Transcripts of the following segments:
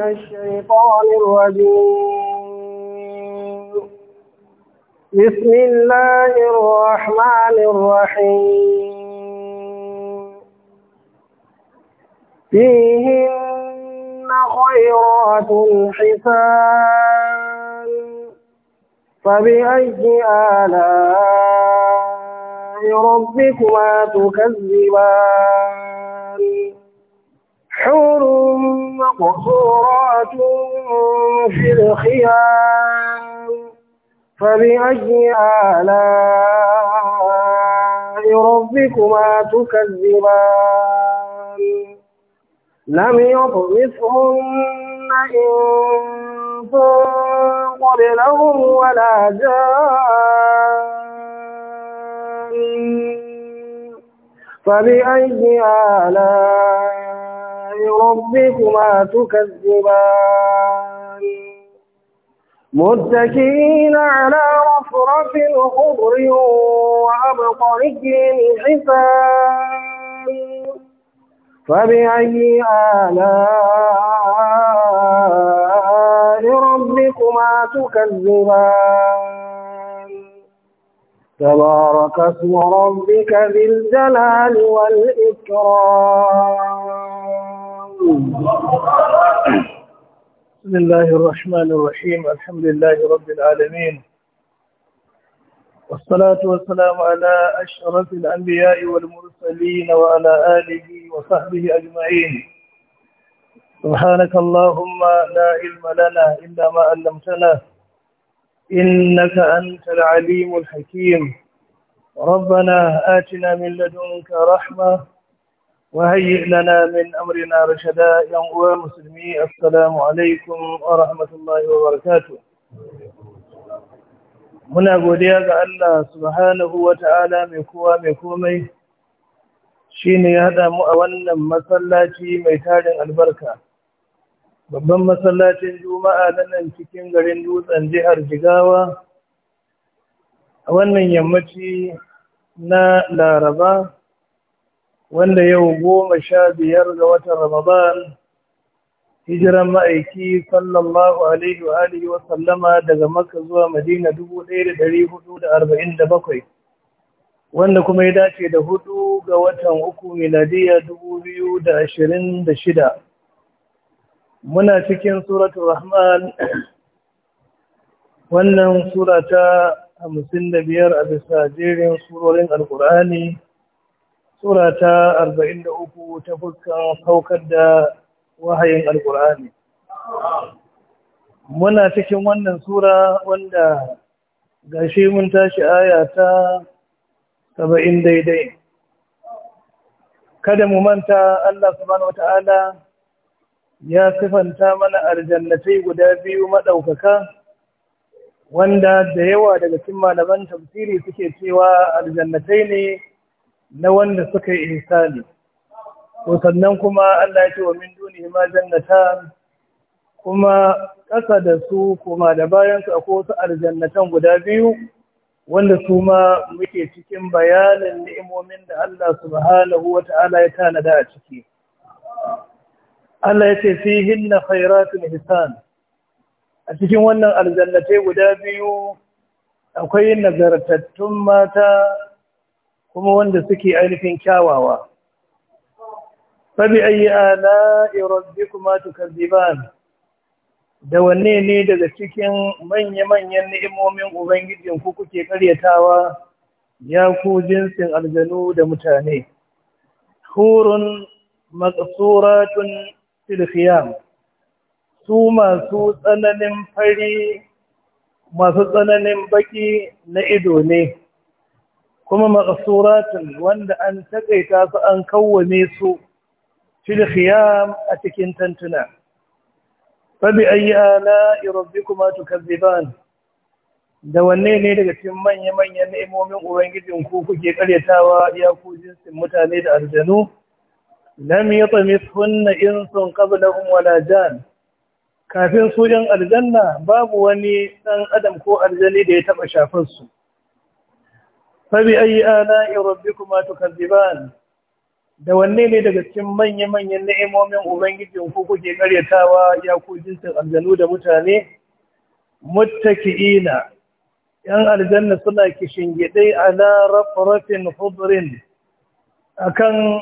من الشيطان الرجيم بسم الله الرحمن الرحيم فيهن خيرات حسان فبأي آلاء ربكما تكذبان حور مقصورات في الخيام فبأي آلاء ربكما تكذبان لم يطمثهن إنس قبلهم ولا جان فبأي آلاء ربكما تكذبان متكئين على رفرف خضر وأبطرك حسان فبأي آلاء ربكما تكذبان تبارك اسم ربك ذي الجلال والإكرام بسم الله الرحمن الرحيم الحمد لله رب العالمين والصلاة والسلام على أشرف الأنبياء والمرسلين وعلى آله وصحبه أجمعين سبحانك اللهم لا علم لنا إلا ما علمتنا إنك أنت العليم الحكيم ربنا آتنا من لدنك رحمة وهيئ لنا من أمرنا رشدا يا مسلمي السلام عليكم ورحمة الله وبركاته muna godiya ga Allah subhanahu wa ta'ala mai kowa mai komai shi ne ya haɗa mu a wannan masallaci mai tarin albarka babban masallacin juma'a na nan cikin garin dutsen jihar jigawa a wannan yammaci na laraba wanda yau goma sha biyar ga watan Ramadan hijiran ma'aiki sallallahu alaihi wa alihi wa sallama daga Makka zuwa Madina dubu ɗaya da hudu da arba'in da bakwai, wanda kuma ya dace da hudu ga watan uku miladiya dubu biyu da da shida. muna cikin Suratun Rahman wannan surata hamsin da biyar a bisa jerin surorin Alkur'ani. sura ta arba'in da uku ta fuska saukar da wahayin alkur'ani muna cikin wannan sura wanda gashi mun tashi aya ta saba'in daidai kada mu manta Allah subhanahu Ta'ala ya sifanta mana aljannatai guda biyu maɗaukaka wanda da yawa daga cikin malaman tafsiri suke cewa aljannatai ne na wanda suka yi ihsani to sannan kuma Allah ya ce wa min dunihi ma jannatan kuma ƙasa da su kuma da bayan su akwai wasu aljannatan guda biyu wanda su ma muke cikin bayanin ni'imomin da Allah subhanahu wata'ala ya tanada a ciki Allah ya ce fihinna khairatun hisan a cikin wannan aljannatai guda biyu akwai nagartattun mata kuma wanda suke ainihin kyawawa fabi ayi ala'i rabbikuma tukazziban da wanne ne daga cikin manya-manyan ni'imomin ubangijin ku kuke karyatawa ya ku jinsin aljanu da mutane hurun matsuratun fil su masu tsananin fari masu tsananin baki na ido ne kuma maqsuratun wanda an taƙaita su an kawwame su fil a cikin tantuna fabi ayi ala rabbikuma tukazziban da wanne ne daga cikin manya-manyan ni'imomin ubangijin ku kuke karyatawa ya ku jinsin mutane da aljanu lam yatamithunna insun qablahum wala jan kafin su yan aljanna babu wani dan adam ko aljani da ya taɓa shafar su فبأي آلاء ربكما تكذبان da wanne ne daga cikin manya-manyan ni'imomin ubangijin ku kuke karyatawa ya ku jinsin aljanu da mutane muttaki'ina yan aljanna suna kishingide ala rafrafin khudrin akan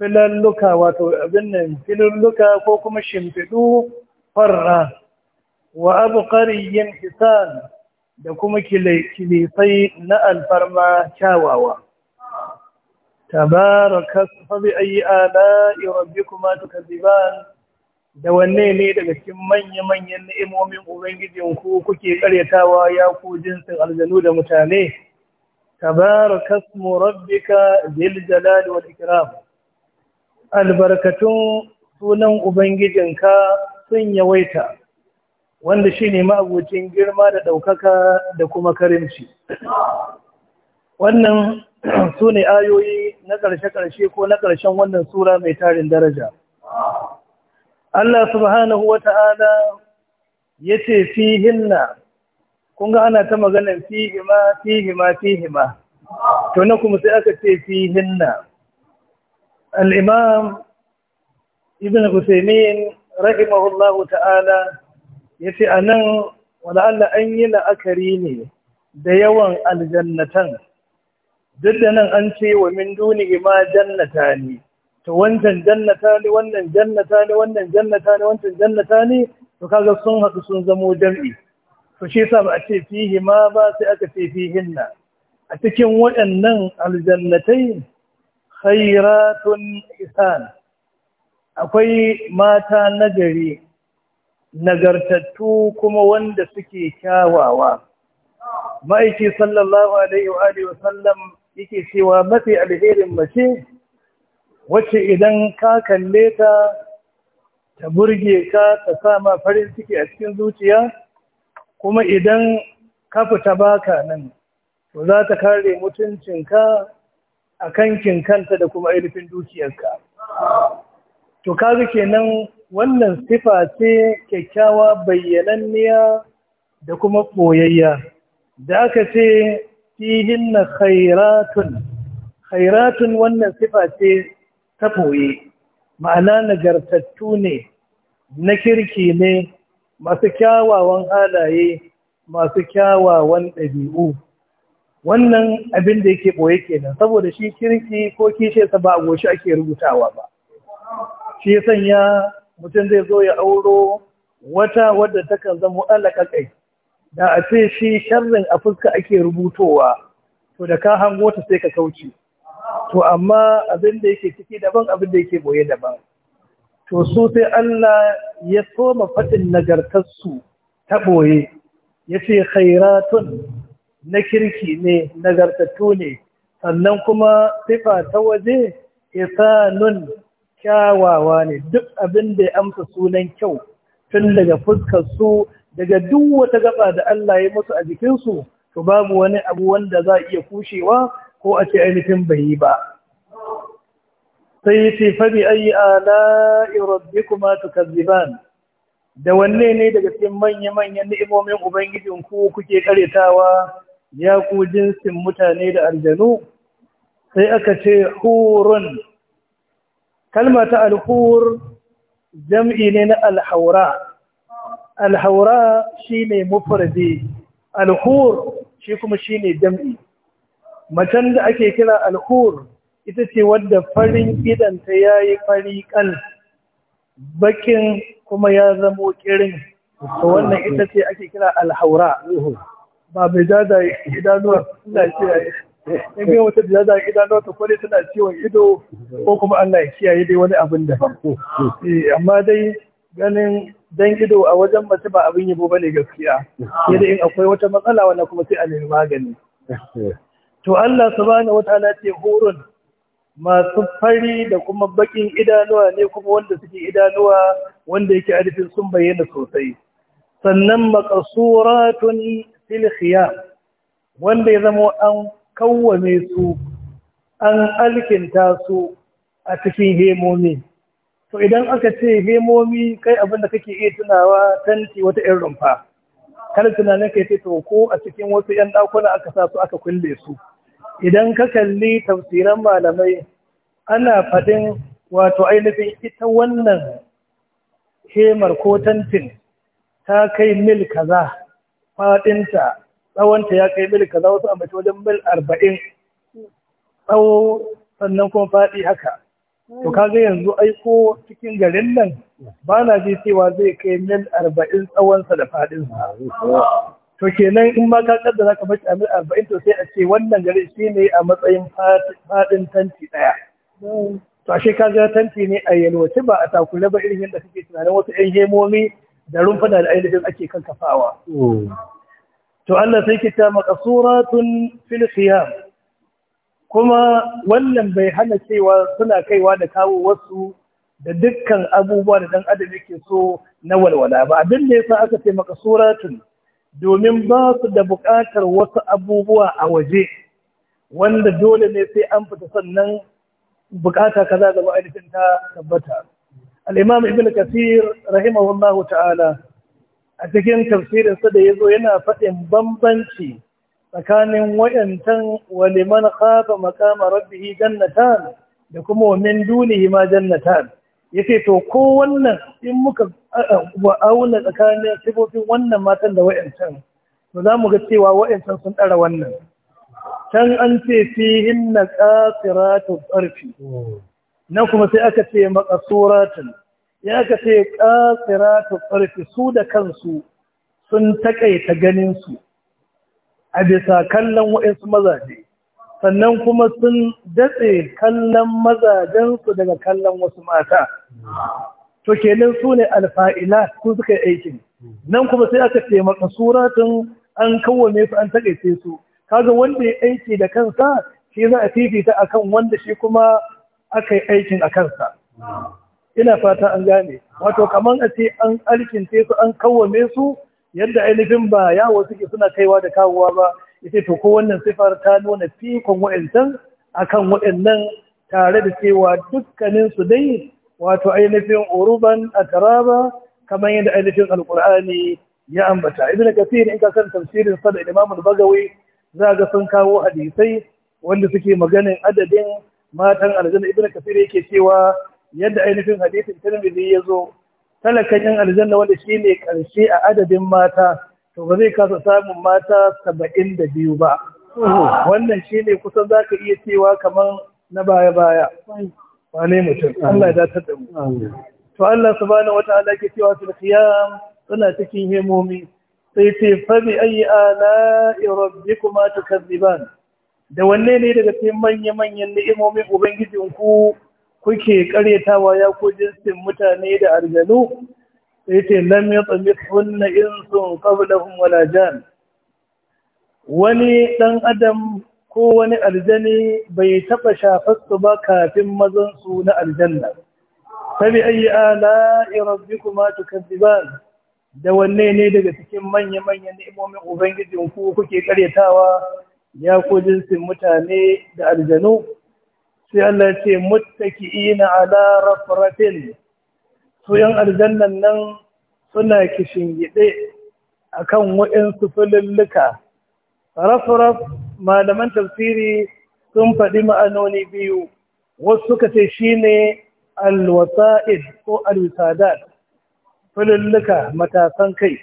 filalluka wato abin nan filalluka ko kuma shimfiɗu farra wa abu abqariyin hisan da kuma kilisai na alfarma kyawawa tabaraka fabi ayi ala tuka tukaziban da wanne ne daga cikin manya-manyan ni'imomin ubangijin ku kuke karyatawa ya ku jinsin aljanu da mutane tabaraka ismu rabbika zil jalali wal ikram albarkatun sunan ubangijinka sun yawaita wanda shi ne ma'abucin girma da ɗaukaka da kuma karimci. Wannan su ne ayoyi na ƙarshe-ƙarshe ko na ƙarshen wannan Sura mai tarin daraja. Allah subhanahu wa ta'ala ya ce fi hinna, kun ga ana ta maganin fi hima, fi to na kuma sai aka ce fi hinna. Al'imam Ibn Husaymin rahimahullahu ta'ala ya ce a nan wala'alla an yi la'akari ne da yawan aljannatan duk da nan an ce wa min duni ma jannata ne to wancan jannata ne wannan jannata ne wannan jannata ne wancan jannata ne to kaga sun haɗu sun zamo jam'i to shi yasa ba a ce fihi ma ba sai aka ce na a cikin waɗannan aljannatai khairatun isan akwai mata nagari nagartattu kuma wanda suke kyawawa ma'aiki sallallahu alaihi wa alihi sallam yake cewa mafi alherin mace wacce idan ka kalle ta ta burge ka ta sama farin ciki a cikin zuciya kuma idan ka fita baka nan to za ta kare mutuncinka a kankin kanta da kuma ainihin dukiyarka to kaga kenan wannan sifa ce kyakkyawa bayyananniya da kuma koyayya da aka ce fihin na khairatun khairatun wannan sifa ce ta koye ma'ana nagartattu ne na kirki ne masu kyawawan halaye masu kyawawan ɗabi'u wannan abin da yake ɓoye kenan saboda shi kirki ko kishe sa ba a goshi ake rubutawa ba shi sanya mutum zai zo ya auro wata wadda takan zama alaka kai da a ce shi sharrin a fuska ake rubutowa to da ka hango ta sai ka kauce to amma abin da yake ciki daban abin da yake boye daban to su sai Allah ya soma faɗin nagartarsu ta boye ya ce khairatun na kirki ne nagartattu ne sannan kuma sifa ta waje isanun kyawawa ne duk abin da ya amsa sunan kyau tun daga fuskar su daga duk wata gaba da Allah ya musu a jikinsu to babu wani abu wanda za a iya kushewa ko a ce ainihin bai yi ba sai yace fa bi ayi ala rabbikuma tukazziban da wanne ne daga cikin manya manyan ni'imomin ubangijin ku kuke karetawa ya ku jinsin mutane da aljanu sai aka ce hurun kalma ta alhur jam'i ne na alhaura alhaura shine mufradi alhur shi kuma shine jam'i macen da ake kira alhur ita ce wadda farin idanta yayi fari kan, bakin kuma ya zamo kirin to wannan ita ce ake kira alhaura ba bai da idanuwa ina ce in ga wata da za a na wata kwari tana ciwon ido ko kuma Allah ya kiyaye dai wani abin da eh, amma dai ganin dan ido a wajen mace ba abin yabo bane gaskiya Yadda in akwai wata matsala wannan kuma sai a nemi magani to Allah subhanahu wataala ce hurun masu fari da kuma bakin idanuwa ne kuma wanda suke idanuwa wanda yake arifin sun bayyana sosai sannan makasuratun fil khiyam wanda ya zama an kawwame su an alkinta su a cikin hemomi to idan aka ce hemomi kai abinda kake iya tunawa tanti wata 'yan rumfa kar tunanin kai ce to ko a cikin wasu 'yan ɗakuna aka sa su aka kulle su idan ka kalli tafsiran malamai ana faɗin wato ainihin ita wannan hemar ko tantin ta kai mil kaza faɗinta tsawonta ya kai mil kaza wasu ambaci wajen mil arba'in tsawo sannan kuma faɗi haka to kaga yanzu aiko cikin garin nan ba na ji cewa zai kai mil arba'in tsawonsa da faɗin sa to kenan in ma ka kaddara ka bashi a mil arba'in to sai a ce wannan garin shi ne a matsayin faɗin tanti ɗaya to ashe ka ga tanti ne a yalwace ba a takure ba irin yadda kake tunanin wasu 'yan hemomi da rumfuna da ainihin ake kankafawa to Allah sai ke ta maqsuratun fil kuma wannan bai hana cewa suna kaiwa da kawo wasu da dukkan abubuwa da dan adam yake so na walwala ba abin da sa aka ce makasuratun domin ba su da buƙatar wasu abubuwa a waje wanda dole ne sai an fita sannan bukata kaza ga ma'aikatan ta tabbata al-imam ibn kathir rahimahullahu ta'ala a cikin tafsirinsa da ya zo yana faɗin bambanci tsakanin wa'yantan waliman khafa makama rabbih jannatan da kuma wa min dunihi ma jannatan yace to ko wannan in muka auna tsakanin sifofin wannan matan da wa'yantan to za mu ga cewa wa'yantan sun ɗara wannan can an ce fihin na ƙasiratu ƙarfi hmm. nan kuma sai aka ce maƙasuratun ya aka ce ta tsarfi su da kansu sun taƙaita ganinsu a bisa kallon wa'insu mazaje sannan kuma sun datse kallon mazajensu daga kallon wasu mata to kenan su ne alfa'ila su suka yi aikin nan kuma sai aka ce maka suratun an kawane su an taƙaice su kaga wanda ya aiki da kansa shi za a fifita akan wanda shi kuma aka yi aikin a kansa ina fata an gane wato kamar a ce an alkinte su an kawwame su yadda ainihin ba yawo suke suna kaiwa da kawowa ba ita to ko wannan sifar ta nuna fikon wa'ancan akan wa'annan tare da cewa dukkanin su dai wato ainihin uruban a taraba kamar yadda ainihin alkur'ani ya ambata ibn kafir in ka san tafsirin sada da imam bagawi za ga sun kawo hadisai wanda suke maganin adadin matan aljanna ibn kafir yake cewa yadda ainihin hadithin tirmidhi ya zo talakan yan aljanna wanda shi ne ƙarshe a adadin mata to ba zai kasa samun mata saba'in da biyu ba wannan shi ne kusan za ka iya cewa kamar na baya-baya wane mutum Allah ya datar da mu to Allah subhanahu wata'ala ke cewa su qiyam suna cikin himomi sai ce fa bi ayi ala'i rabbikuma tukazziban da wanne ne daga cikin manya-manyan ni'imomin ubangijinku kuke karyatawa ya ku jinsin mutane da aljanu sai ce lam yatmithunna insun qablahum wala jan wani dan adam ko wani aljani bai taba shafar ba kafin mazan su na aljanna fabi ayi ala'i rabbikuma tukazziban da wanne ne daga cikin manya-manyan ni'imomin ubangijinku kuke karyatawa ya ku jinsin mutane da aljanu sai Allah ce muttaki'ina ala rafratin su yan aljannan nan suna kishingide akan waɗansu fululluka rafraf malaman tafsiri sun faɗi ma'anoni biyu wasu suka ce shine alwasa'id ko alwisadat fululluka matasan kai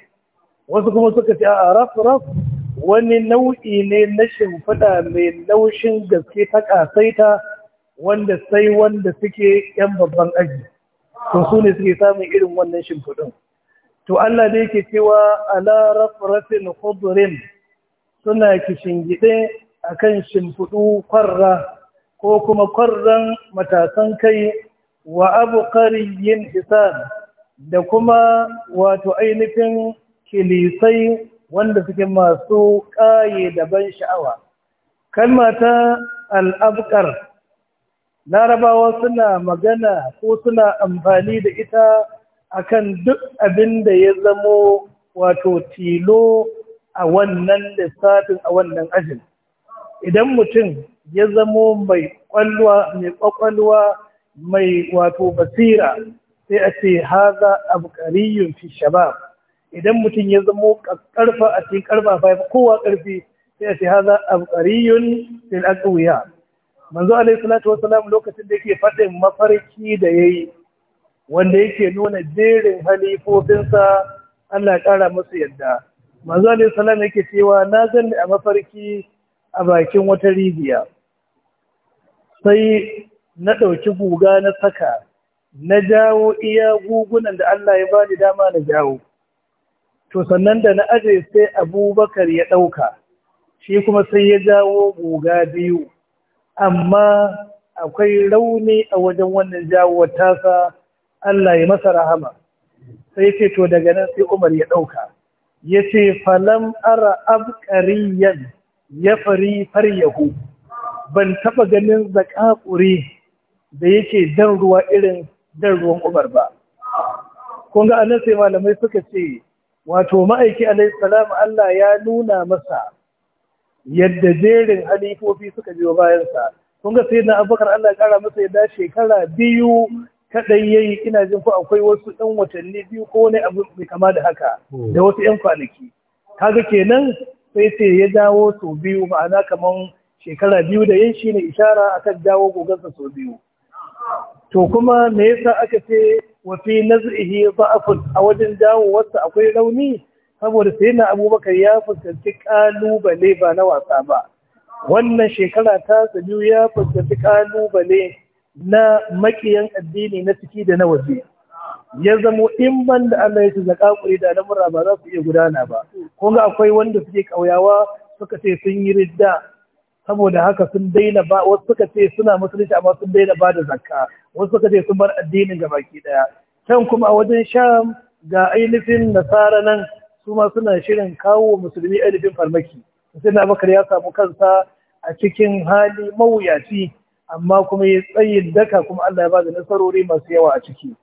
wasu kuma suka ce a rafraf wani nau'i ne na shimfiɗa mai laushin gaske ta ƙasaita wanda sai wanda suke yan babban aji to su ne suke samun irin wannan shimfiɗin to Allah da yake cewa ala rafratin khudrin suna kishingide akan shimfiɗu kwarra ko kuma kwarran matasan kai wa yin hisan da kuma wato ainihin kilisai wanda suke masu ƙaye da ban sha'awa kalma ta al'abkar larabawa suna magana ko suna amfani da ita akan duk abin da ya zamo wato tilo a wannan lissafin a wannan ajin idan mutum ya zamo mai kwallwa mai kwakwalwa mai wato basira sai a ce haza abu kariyun fi shabab idan mutum ya zamo karfa a cikin karfa fa kowa karfi sai a ce haza abu kariyun fi aqwiya manzo alaihi salatu wasalam lokacin da yake faɗin mafarki da yayi wanda yake nuna jerin halifofinsa Allah ya ƙara masa yadda manzo alaihi salam yake cewa na zan a mafarki a bakin wata rijiya sai na ɗauki guga na saka na jawo iya gugunan da Allah ya bani dama na jawo to sannan da na aje sai abubakar ya ɗauka shi kuma sai ya jawo guga biyu amma akwai rauni a wajen wannan jawowar tasa Allah ya masa rahama sai ce to daga nan sai Umar ya ɗauka yace falam ara abqariyan ya fari faryahu ban taɓa ganin zakakuri da yake dan ruwa irin dan ruwan Umar ba kun ga anan sai malamai suka ce wato ma'aiki alaihi salam Allah ya nuna masa yadda jerin halifofi suka biyo bayansa kun ga sai na abubakar Allah ya kara masa yadda shekara biyu kadai yayi ina jin ko akwai wasu ɗan watanni biyu ko wani abu mai kama da haka da wasu 'yan kwanaki kaga kenan sai ce ya dawo sau biyu ma'ana kamar shekara biyu da yin shi ne ishara akan dawo gogansa sau biyu to kuma me yasa aka ce wa fi naz'ihi ba'afun a wajen dawo wasu akwai rauni saboda sai na abubakar ya fuskanci kalubale ba na wasa ba wannan shekara ta sabiyu ya fuskanci kalubale na makiyan addini na ciki da na waje ya zamo in ban da Allah ya ci zaka da al'amura ba za su iya gudana ba kun ga akwai wanda suke kauyawa suka ce sun yi ridda saboda haka sun daina ba wasu suka ce suna musulunci amma sun daina ba da zakka wasu suka ce sun bar addinin gabaki daya can kuma a wajen sham ga ainihin nasara nan su ma suna shirin kawo musulmi alifin farmaki sai na bakar ya samu kansa a cikin hali mawuyaci amma kuma ya tsayin daka kuma Allah ya ba da nasarori masu yawa a ciki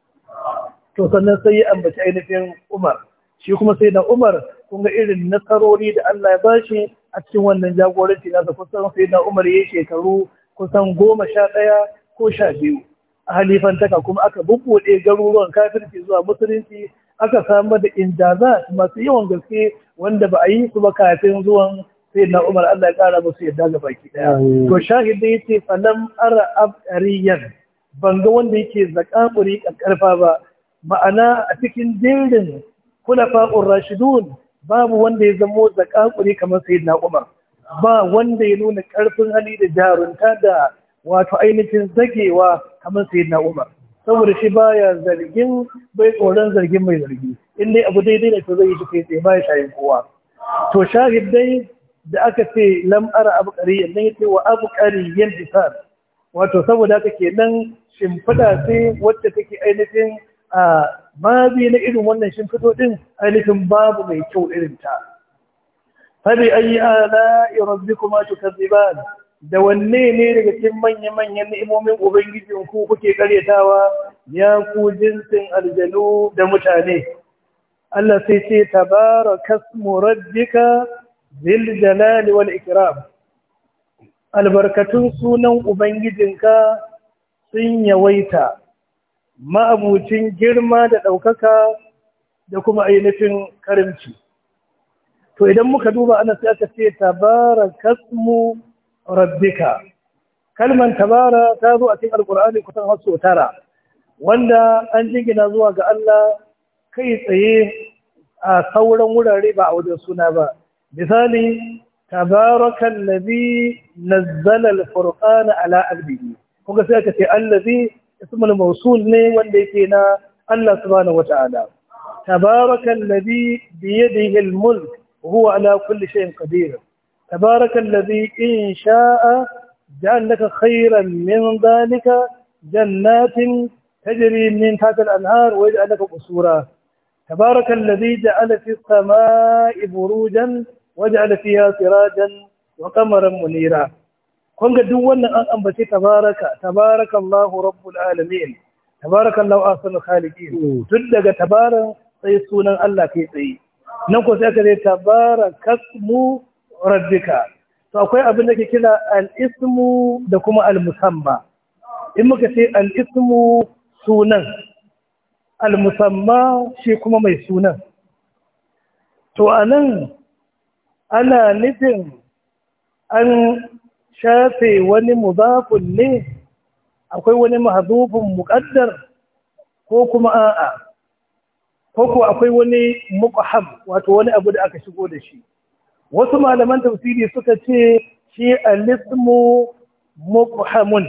to sannan sai ya ambaci ainihin Umar shi kuma sai na Umar kun ga irin nasarori da Allah ya ba shi a cikin wannan jagoranci nasa kusan sai na Umar ya shekaru kusan goma sha ɗaya ko sha biyu a halifantaka kuma aka bubbuɗe garuruwan kafirci zuwa musulunci aka samar da injaza masu yawan gaske wanda ba a yi su ba kafin zuwan sai na umar allah ya kara musu yadda ga baki daya to shahid ya ce falam ara abariyan ban ga wanda yake zakamuri karfa ba ma'ana a cikin kula kulafa'ur rashidun babu wanda ya zamo zakamuri kamar sai na umar ba wanda ya nuna ƙarfin hali da jarunta da wato ainihin zagewa kamar sai na umar saboda shi baya zargin bai tsoron zargin mai zargi in dai abu daidai da to zai yi shi kai tsaye baya shayin kowa to shahid da aka ce lam ara abu qariyan ya ce wa abu yin bisar wato saboda haka kenan shimfiɗa sai wacce take ainihin a mabi na irin wannan shimfido din, ainihin babu mai kyau irin ta fabi ayi ala rabbikuma da wanne ne daga cikin manya-manyan ni'imomin ubangiji ku kuke karyatawa ya ku jinsin aljanu da mutane Allah sai ce tabarakasmu rabbika zil jalali wal ikram albarkatun sunan ubangijinka sun yawaita ma'abucin girma da ɗaukaka da kuma ainihin karimci to idan muka duba ana sai aka ce tabarakasmu rabbika kalman tabara ta zo a cikin alkur'ani kusan har sau tara wanda an jingina zuwa ga Allah kai tsaye a sauran wurare ba a wajen suna ba misali tabarakan ladhi nazzala alfurqana ala abdihi Kuma sai aka ce allazi ismul mawsul ne wanda yake na Allah subhanahu wata'ala tabarakan ladhi bi yadihi almulk huwa ala kulli shay'in qadir تبارك الذي إن شاء جعل لك خيرا من ذلك جنات تجري من تحت الأنهار ويجعل لك قصورا تبارك الذي جعل في السماء بروجا وجعل فيها سراجا وقمرا منيرا kun ga duk wannan an ambaci tabaraka tabarakallahu rabbul alamin tabarakallahu ahsanul khaliqin tun daga tabaran sai sunan Allah kai tsaye nan ko sai aka rabbika to akwai abin da ke kira al-ismu da kuma al-musamma in muka ce al-ismu sunan al-musamma shi kuma mai sunan to anan ana nufin an shafe wani mudafun ne akwai wani mahazufin muƙaddar ko kuma a'a ko ko akwai wani muqaham wato wani abu da aka shigo da shi wasu malaman tafsiri suka ce shi alismu mubhamun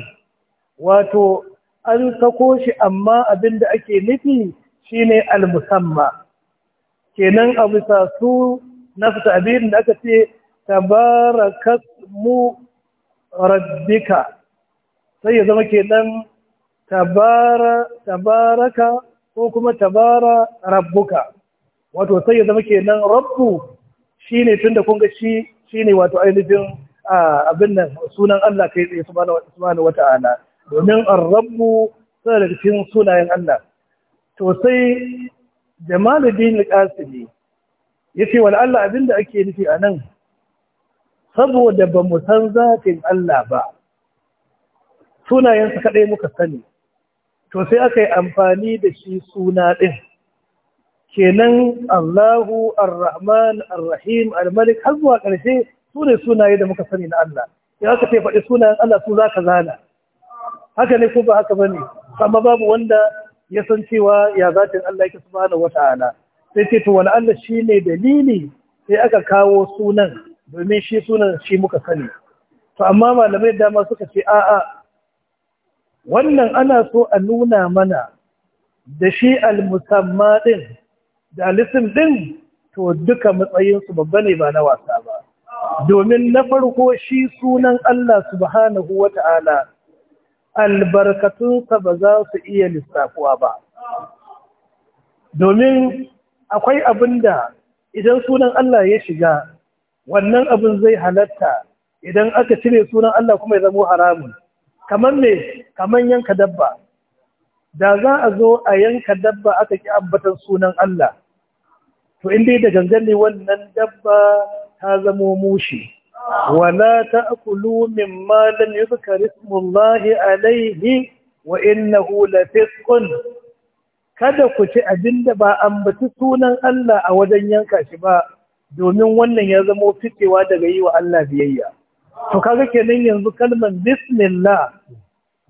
wato an sako shi amma abin da ake nufi shine al-musamma kenan a bisa su su tabirin da aka ce mu rabbika sai ya zama kenan tabaraka ko kuma tabara rabbuka wato sai ya zama kenan rabbu shi ne tun da kun ga shi shi ne wato ainihin abin nan sunan Allah kai tsaye subhanahu wata'ala domin ar-rabbu sai da cikin sunayen Allah to sai Jamaluddin ne. qasimi yace wal Allah abinda ake nufi a nan saboda ba mu san zatin Allah ba sunayensa kadai muka sani to sai aka yi amfani da shi suna ɗin. kenan Allahu Ar-Rahman Ar-Rahim Al-Malik har zuwa ƙarshe su ne sunaye da muka sani na Allah ya haka ce faɗi sunayen Allah su za ka zana haka ne ko ba haka bane amma babu wanda ya san cewa ya zatin Allah yake subhanahu wata'ala sai ce to wani Allah shine dalili sai aka kawo sunan domin shi sunan shi muka sani to amma malamai dama suka ce a'a wannan ana so a nuna mana da shi al-musamma din da alisim ɗin to duka matsayinsu babba ne ba na wasa ba domin na farko shi sunan Allah subhanahu wa ta'ala albarkatunsa ba za su iya lissafuwa ba domin akwai abin da idan sunan Allah ya shiga wannan abin zai halatta idan aka cire sunan Allah kuma ya zama haramun kamar me kamar yanka dabba da za a zo a yanka dabba aka ki ambatan sunan Allah to in dai da gangan wannan dabba ta zamo mushi wala ta'kulu mimma lam yuzkar ismullahi alayhi wa innahu lafisqun kada ku ci abinda ba ambaci sunan Allah a wajen yanka shi ba domin wannan ya zamo fitewa daga yi wa Allah biyayya to kaga kenan yanzu kalman bismillah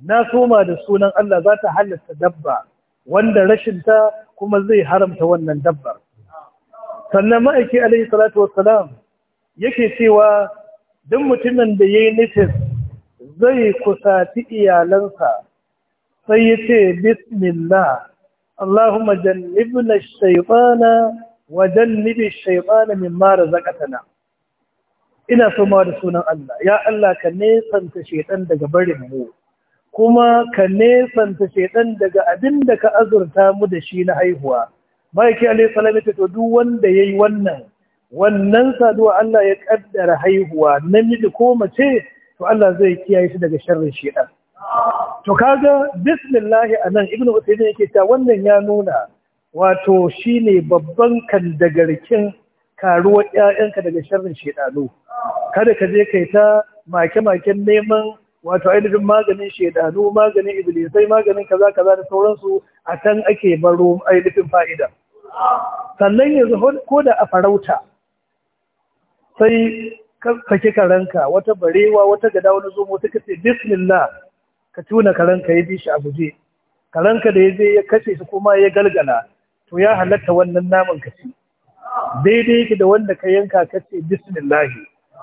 na soma da sunan Allah za ta halatta dabba wanda rashinta kuma zai haramta wannan dabbar sannan ma'aiki alaihi salatu wassalam yake cewa duk mutumin da ya yi nufin zai kusaci iyalansa sai ya ce bismillah Allahumma jannibna shaytana wa jannibi min mara zakatana ina so ma da sunan Allah ya Allah ka nesanta shaitan daga barin mu kuma ka nesanta shaitan daga abin da ka azurta mu da shi na haihuwa mahaiki alaihi salam yace to duk wanda yayi wannan wannan saduwa Allah ya kaddara haihuwa namiji ko mace to Allah zai kiyaye shi daga sharrin shedan to kaga bismillah anan ibnu usaymin yake ta wannan ya nuna wato shine babban kan dagarkin karuwar 'ya'yanka daga sharrin shedano kada ka je kai ta make-maken neman wato ainihin maganin shedanu maganin iblisai maganin kaza kaza da sauransu a can ake baro ainihin fa'ida sannan yanzu ko da a farauta sai kake karanka wata barewa wata gada wani zomo ta kace bismillah ka tuna karanka ya bi shi a guje karanka da ya je ya kashe shi kuma ya galgala to ya halatta wannan naman ka ci daidai yake da wanda ka yanka kace bismillah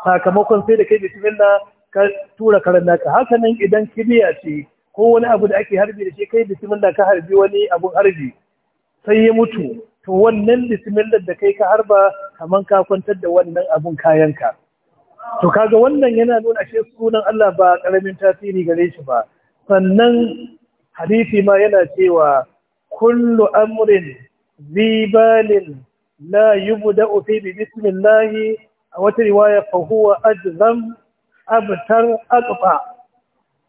sakamakon sai da kai bismillah ka tura karen naka haka nan idan kibiya ce ko wani abu da ake harbi da shi kai bismillah ka harbi wani abun harbi sai ya mutu to wannan bismillah da kai ka harba kaman ka kwantar da wannan abun kayanka to kaga wannan yana nuna shi sunan Allah ba karamin tasiri gare shi ba sannan hadisi ma yana cewa kullu amrin zibalin la yubda'u fi bismillah a wata riwaya fa huwa ajzam abtar aqfa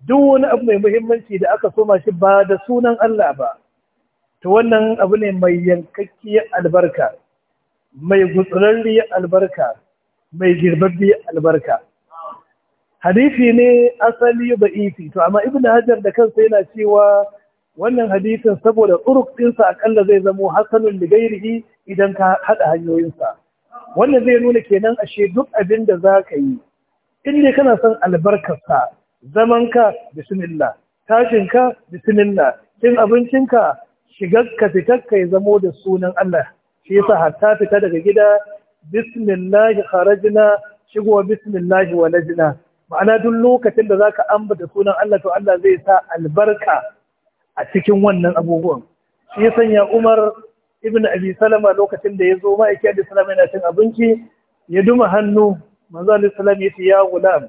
duk wani abu mai muhimmanci da aka soma shi ba da sunan Allah ba to wannan abu ne mai yankakkiyar albarka mai gutsurarriyar albarka mai girbabbiyar albarka hadisi ne asali ba ifi to amma ibnu hajar da kansa yana cewa wannan hadisin saboda uruk dinsa akalla zai zamo hasanun da gairihi idan ka hada hanyoyinsa wannan zai nuna kenan ashe duk abin da za ka yi in dai kana son albarkarsa zamanka bismillah tashinka bismillah cin abincin ka, abincinka shigarka fitarka ya zamo da sunan Allah shi yasa hatta fita daga gida bismillah kharajna shigo bismillah walajna ma'ana duk lokacin da zaka ambata sunan Allah to Allah zai sa albarka a cikin wannan abubuwan shi ya sanya Umar ibn Abi Salama lokacin da ya zo ma'aikiyar da Salama yana cin abinci ya duma hannu manzo Allah sallallahu yace ya gulam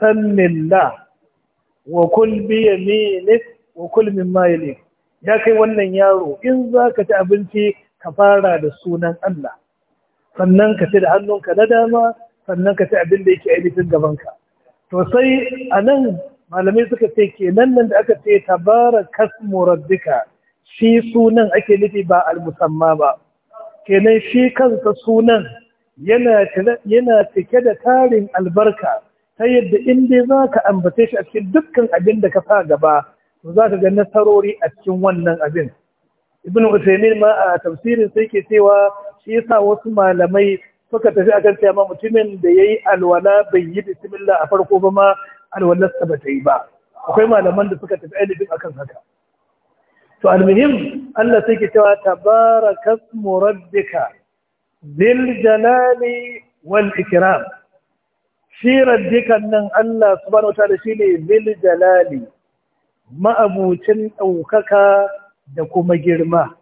sallilla wa kul bi yaminik wa kul mimma yalik ya kai wannan yaro in zaka ci abinci ka fara da sunan Allah sannan ka ci da hannunka na dama sannan ka ci abin da yake ainihin gabanka to sai anan malamai suka ce kenan nan da aka ce tabarakas murabbika shi sunan ake nufi ba al-musamma ba kenan shi kansa sunan yana cike da tarin albarka ta yadda inda za ka ambace shi a cikin dukkan abin da ka sa gaba to za ka ga nasarori a cikin wannan abin ibn usaimin ma a tafsirin sai ke cewa shi yasa wasu malamai suka tafi akan cewa mutumin da yayi alwala bai yi bismillah a farko ba ma alwalarsa ba ta yi ba akwai malaman da suka tafi ainihin akan haka to almuhim Allah sai ke cewa tabarakas rabbika bil jalali wal ikram shi dikan nan Allah subhanahu wataala shine bil jalali ma'abucin ɗaukaka da kuma girma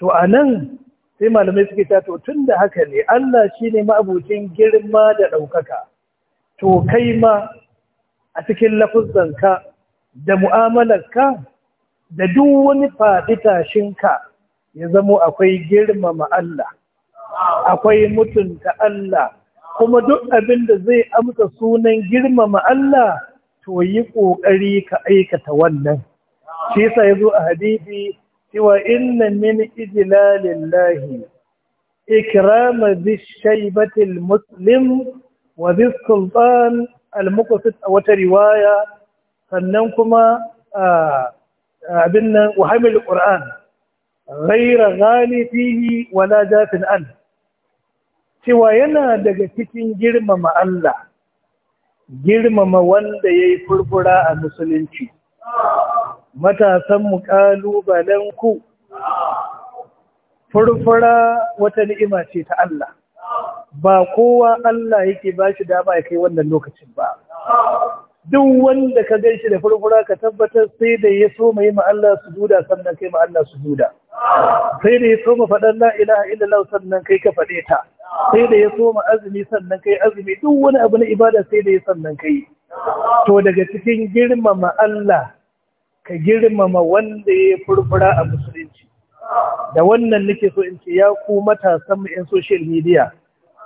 to anan sai malamai suke ta to tunda haka ne Allah shine ma'abucin girma da ɗaukaka to kai ma a cikin ka da mu'amalar ka da duk wani faɗi tashinka ya zamo akwai girmama Allah akwai mutunta Allah kuma duk abin da zai amsa sunan girmama Allah to yi ƙoƙari ka aikata wannan shi ya zo a hadisi cewa inna min ijlalillahi ikrama bi shaybati almuslim wa bi sultan almuqsit a wata riwaya sannan kuma abin nan wa hamil qur'an ghayra ghali fihi wala jafin an cewa yana daga cikin girmama Allah girmama wanda ya yi furfura a musulunci matasanmu ƙalubalenku furfura wata ni'ima ce ta Allah ba kowa Allah yake ba shi dama ya kai wannan lokacin ba duk wanda ka gan shi da furfura ka tabbatar sai da ya so mai ma Allah su duda sannan kai ma Allah su duda sai da ya soma faɗan a ila illallah sannan kai ka faɗe ta sai da ya soma azumi sannan kai azumi duk wani abu na ibada sai da ya sannan kai to daga cikin girmama Allah ka girmama wanda ya furfura a musulunci da wannan nake so in ce ya ku matasan mu yan social media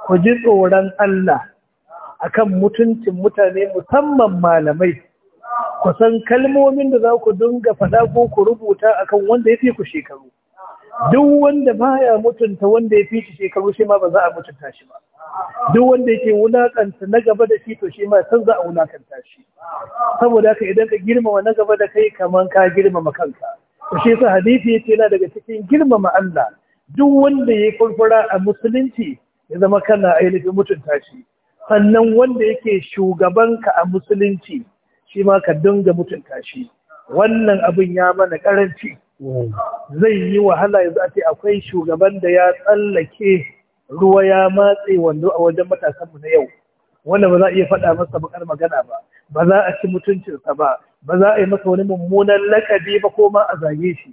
ku ji tsoron Allah akan mutuncin mutane musamman malamai ku san kalmomin da za ku dinga faɗa ko ku rubuta akan wanda ya fi ku shekaru duk wanda ba ya mutunta wanda ya fi shi shekaru shi ma ba za a mutunta shi ba duk wanda yake wulakanta na gaba da shi to shi ma san za a wulakanta shi saboda haka idan ka girmama na gaba da kai kamar ka girmama kanka to shi sa hadisi yake yana daga cikin girmama Allah duk wanda ya kurkura a musulunci ya zama kana ainihin mutunta shi sannan wanda yake shugaban ka a musulunci shi ma ka dinga mutunta shi wannan abin ya mana karanci zai yi wahala yanzu a ce akwai shugaban da ya tsallake ruwa ya matse wando a wajen matasanmu na yau wanda ba za a iya faɗa masa bakar magana ba ba za a ci mutuncinsa ba ba za a yi masa wani mummunan lakabi ba ko ma a zage shi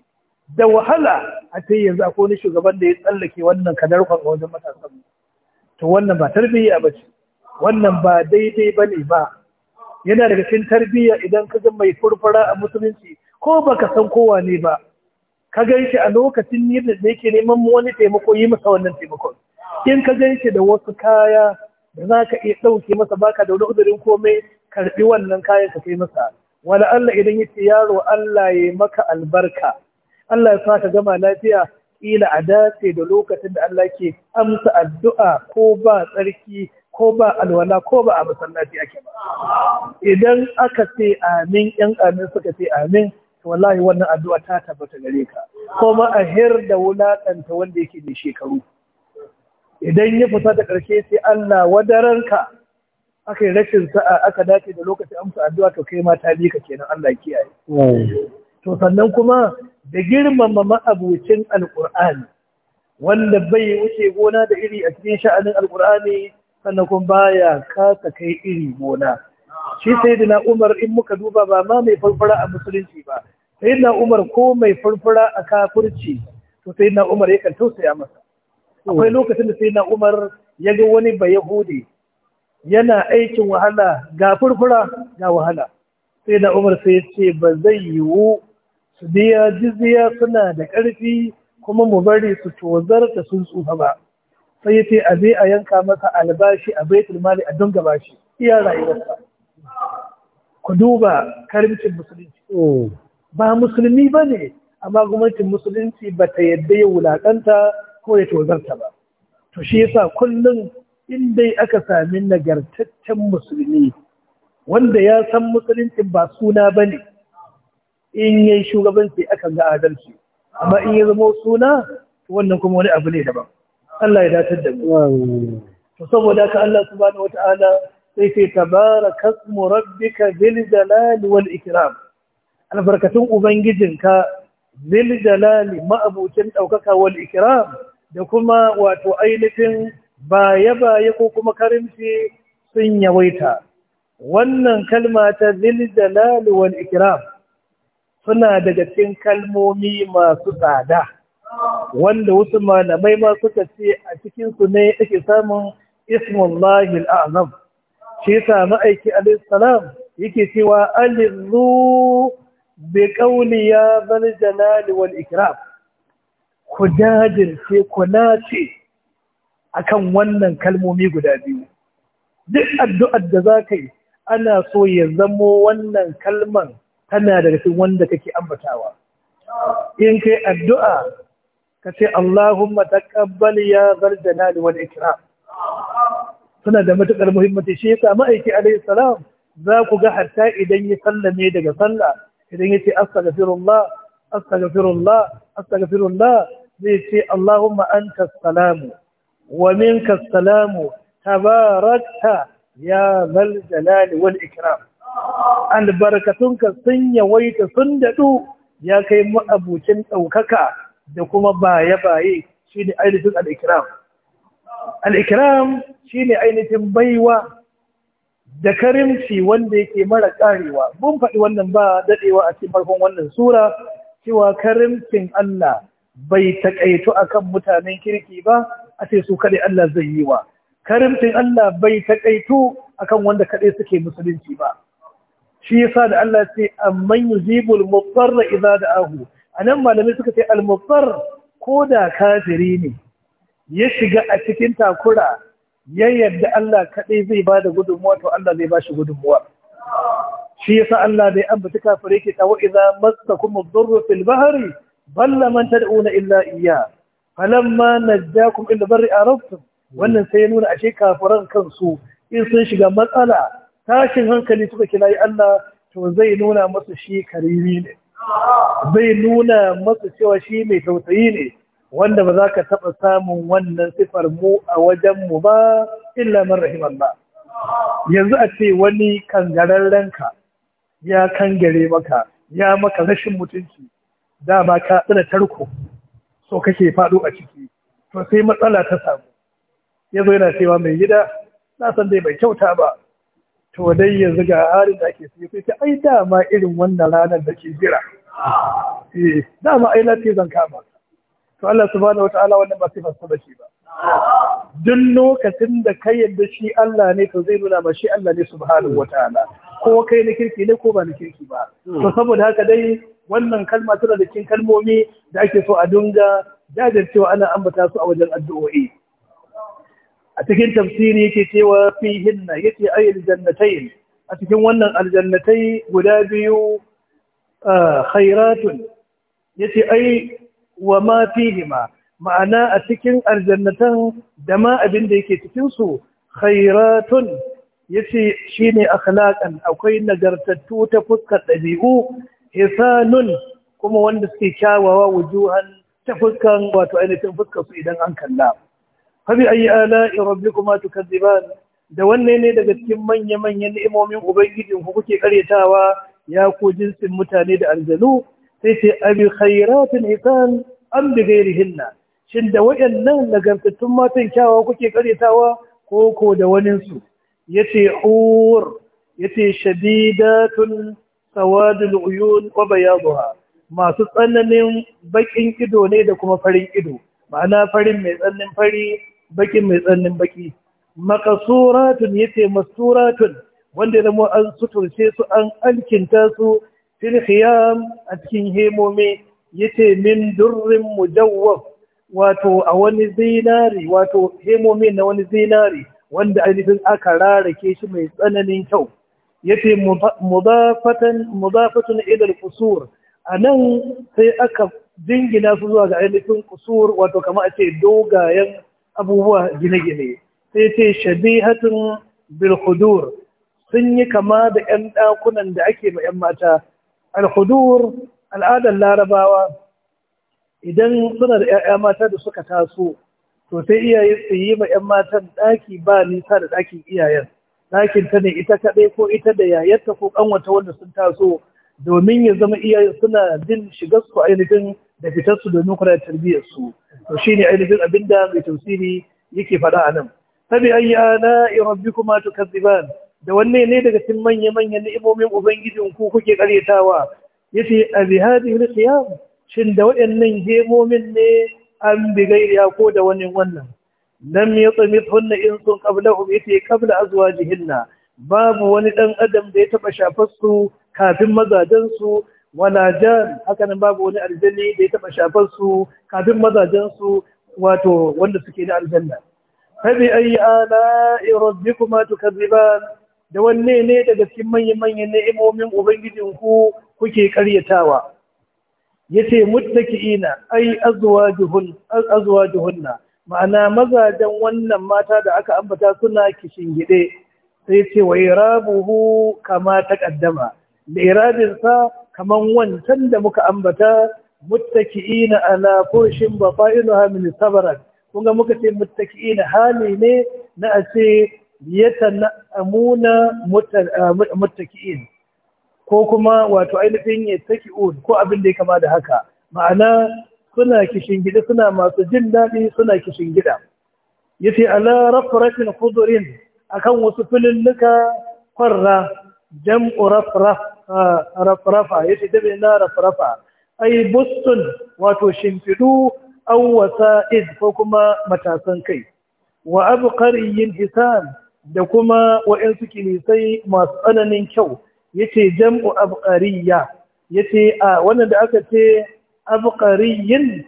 da wahala a ce yanzu akwai wani shugaban da ya tsallake wannan kadarkon a wajen matasanmu to wannan ba tarbiyya ba ce wannan ba daidai ba ne ba yana daga cikin tarbiyya idan ka ga mai furfura a musulunci ko baka san kowa ne ba ka gan shi a lokacin yadda da yake neman wani taimako yi masa wannan taimakon in ka gan shi da wasu kaya da za ka iya ɗauke masa baka da wani uzurin komai karɓi wannan kayan ka kai masa Wani Allah idan ya ce yaro Allah ya maka albarka Allah ya sa ka gama lafiya ila a dace da lokacin da Allah ke amsa addu'a ko ba tsarki ko ba alwala ko ba a masallaci ake ba idan aka ce amin yan amin suka ce amin to wallahi wannan addu'a ta tabbata gare ka ma a hir da wulakanta wanda yake da shekaru idan ya fita da ƙarshe sai Allah wadaranka aka yi rashin sa'a aka dace da lokacin amsa addu'a to kai ma ta bi ka kenan Allah kiyaye to sannan kuma da girmama ma'abucin alqur'ani wanda bai wuce gona da iri a cikin sha'anin alqur'ani sannan kuma baya kasa kai iri gona shi sai da na'umar in muka duba ba ma mai furfura a musulunci ba Sai sayyidina Umar ko mai furfura a kafurci to sai na'umar Umar yakan tausaya masa akwai lokacin da sai sayyidina Umar ya ga wani yahudi yana aikin wahala ga furfura ga wahala sai na umar sai ce ba zai yiwu su biya jizya suna da ƙarfi kuma mu bari su tozar da sun tsufa ba sai ya ce a zai a yanka masa albashi a baitul mali a dunga bashi iya rayuwarsa ku duba karimcin musulunci hmm. ba musulmi ba ne amma gwamnatin musulunci ba ta yadda ya wulaƙanta ko ya tozarta ba to shi yasa kullum in dai aka sami nagartaccen musulmi wanda ya san musulunci ba suna ba ne in yi shugabanci akan ga adalci amma in ya zama suna wannan kuma wani abu ne daban Allah ya datar da mu saboda ka Allah subhanahu wataala sai ce tabaraka ismu rabbika bil jalali wal ikiram. albarkatun ubangijinka bil jalali ma'abucin ɗaukaka wal ikiram da kuma wato ainihin baya-baya ko kuma karimci sun yawaita wannan kalma ta ziljalali wal ikiram suna daga cikin kalmomi masu tsada wanda wasu malamai ma suka ce a cikinsu ne ake samun ismullahi al'azam shi yasa ma'aiki alayhi salam yake cewa alizu bi ƙauniya ya zal jalali wal ikram ku jajirce ku nace akan wannan kalmomi guda biyu duk addu'ar da za ka yi ana so ya zamo wannan kalman tana daga cikin wanda kake ambatawa in kai addu'a ka ce Allahumma taqabbal ya zal jalali wal ikram suna da matukar muhimmanci shi yasa ma'aiki alaihi salam za ku ga hatta idan ya sallame daga sallah idan ya ce astaghfirullah astaghfirullah astaghfirullah zai ce Allahumma anta salamu wa minka salamu tabarakta ya zal jalali wal ikram albarkatunka sun yawaita sun dadu ya kai mu abucin daukaka da kuma baye-baye shi ne ainihin al'ikiram al'ikiram shi ne ainihin baiwa da karimci wanda yake mara ƙarewa mun faɗi wannan ba daɗewa a cikin farkon wannan sura cewa karimcin Allah bai a kan mutanen kirki ba a ce su kaɗai Allah zai yi wa karimcin Allah bai a kan wanda kaɗai suke musulunci ba shi yasa da Allah ce amman yujibul iza da ahu. a nan malamai suka ce almufar ko da kafiri ne ya shiga a cikin takura ya yarda Allah kaɗai zai ba da gudunmuwa to Allah zai ba shi gudunmuwa shi yasa Allah bai ambata kafirai ke tawo idza massakum kuma durru fil bahri balla man tad'una illa iyya falamma najjakum ila barri arabtum wannan sai ya nuna ashe kafiran kansu in sun shiga matsala tashin hankali suka kira Allah to zai nuna masa shi karimi ne zai nuna masu cewa shi mai tausayi ne wanda ba za ka taɓa samun wannan sifar mu a wajenmu ba illa man rahiman ba yanzu a ce wani kangararren ka ya kangare maka ya maka rashin mutunci da ba ka tsina tarko so kake faɗo a ciki to sai matsala ta samu ya yana cewa mai gida na san dai bai kyauta ba to dai yanzu ga harin da ake sai sai ai dama irin wannan ranar da ke jira eh dama ai lati zan kama to Allah subhanahu wataala wannan ba sifar sa bace ba duk lokacin da kai yadda shi Allah ne to zai nuna ma shi Allah ne subhanahu wataala ko kai na kirki ne ko ba ne kirki ba to saboda haka dai wannan kalma tana da cikin kalmomi da ake so a dunga jajircewa ana ambata su a wajen addu'o'i a cikin tafsiri yake cewa fihinna yace ayyul jannatayn a cikin wannan aljannatai guda biyu khairatun yace ai wa ma fihima ma'ana a cikin aljannatan da ma abin da yake cikin su khairatun yace shine akhlaqan akwai nagartattu ta fuskar dabi'u hisanun kuma wanda suke kyawawa wujuhan ta fuskan wato ainihin fuskar su idan an kalla fabi ayi ala'i kuma Tukaziban, da wannan ne daga cikin manya-manyan ni'imomin ubangijin ku kuke karyatawa ya ku jinsin mutane da aljanu sai ce abi khairatin hisan an bi gairi hinna. shin da wayannan nagartattun matan kyawawa kuke karyatawa ko ko da wanin su yace hur yace shadidatun sawadul uyun wa bayaduha masu tsananin bakin ido ne da kuma farin ido ma'ana farin mai tsananin fari bakin mai tsannin baki makasuratun yace masuratun wanda ya zama an suturce su an alkinta su fil khiyam a cikin hemomi yace min durrin mujawwaf wato a wani zinari wato hemomi na wani zinari wanda ainihin aka rarake shi mai tsananin kyau yace mudafatan mudafatun ila al-qusur anan sai aka jingina su zuwa ga ainihin kusur wato kamar a ce dogayen abubuwa gine-gine sai ce shabihatun bilhudur sun yi kama da 'yan ɗakunan da ake ma 'yan mata alhudur al'adar larabawa idan suna da 'ya'ya mata da suka taso to sai iyaye su yi ma 'yan matan ɗaki ba nisa da ɗakin iyayen ɗakin ta ne ita kaɗai ko ita da yayarta ko ƙanwata wanda sun taso domin ya zama iyaye suna jin shigar su ainihin da fitarsu domin kula da tarbiyyarsu to ne ainihin abinda mai tausiri yake faɗa a nan tabi ayi ala rabbikuma tukazziban da wanne ne daga cikin manya-manyan ni'imomin ubangijin ku kuke karyatawa yace a bi hadhihi shin da waɗannan gemomin ne an bi ko da wani wannan lam yatamithunna insun qablahum yace azuwa azwajihinna babu wani ɗan adam da ya taɓa shafarsu kafin mazajensu. wala jan hakanan babu wani aljanni da ya taɓa shafar su kafin mazajen su wato wanda suke da aljanna fabi ayi ala rabbikuma tukaziban da wanne ne daga cikin manyan manyan ni'imomin ubangijin ku kuke karyatawa yace muttaki'ina ay azwajuhun azwajuhunna ma'ana mazajen wannan mata da aka ambata suna kishingide sai ce wa irabuhu kama taqaddama da irabinsa kaman wancan da muka ambata muttaki'ina ala furshin bafailuha min sabarat kun ga muka ce muttaki'ina hali ne na a ce mutaki muttaki'in ko kuma wato ainihin ya yattaki'un ko abin da ya kama da haka ma'ana suna kishin gida suna masu jin daɗi suna kishin gida yace ala rafratin khudurin akan wasu nuka kwarra jam'u rafrafa ya ce dabe na rafrafa ai bustun wato shimfidu an wasa'id ko kuma matasan kai wa abu ƙariyin hisan da kuma waɗansu kilisai masu tsananin kyau ya ce jam'u abu ƙariya ya ce a wannan da aka ce abu ƙariyin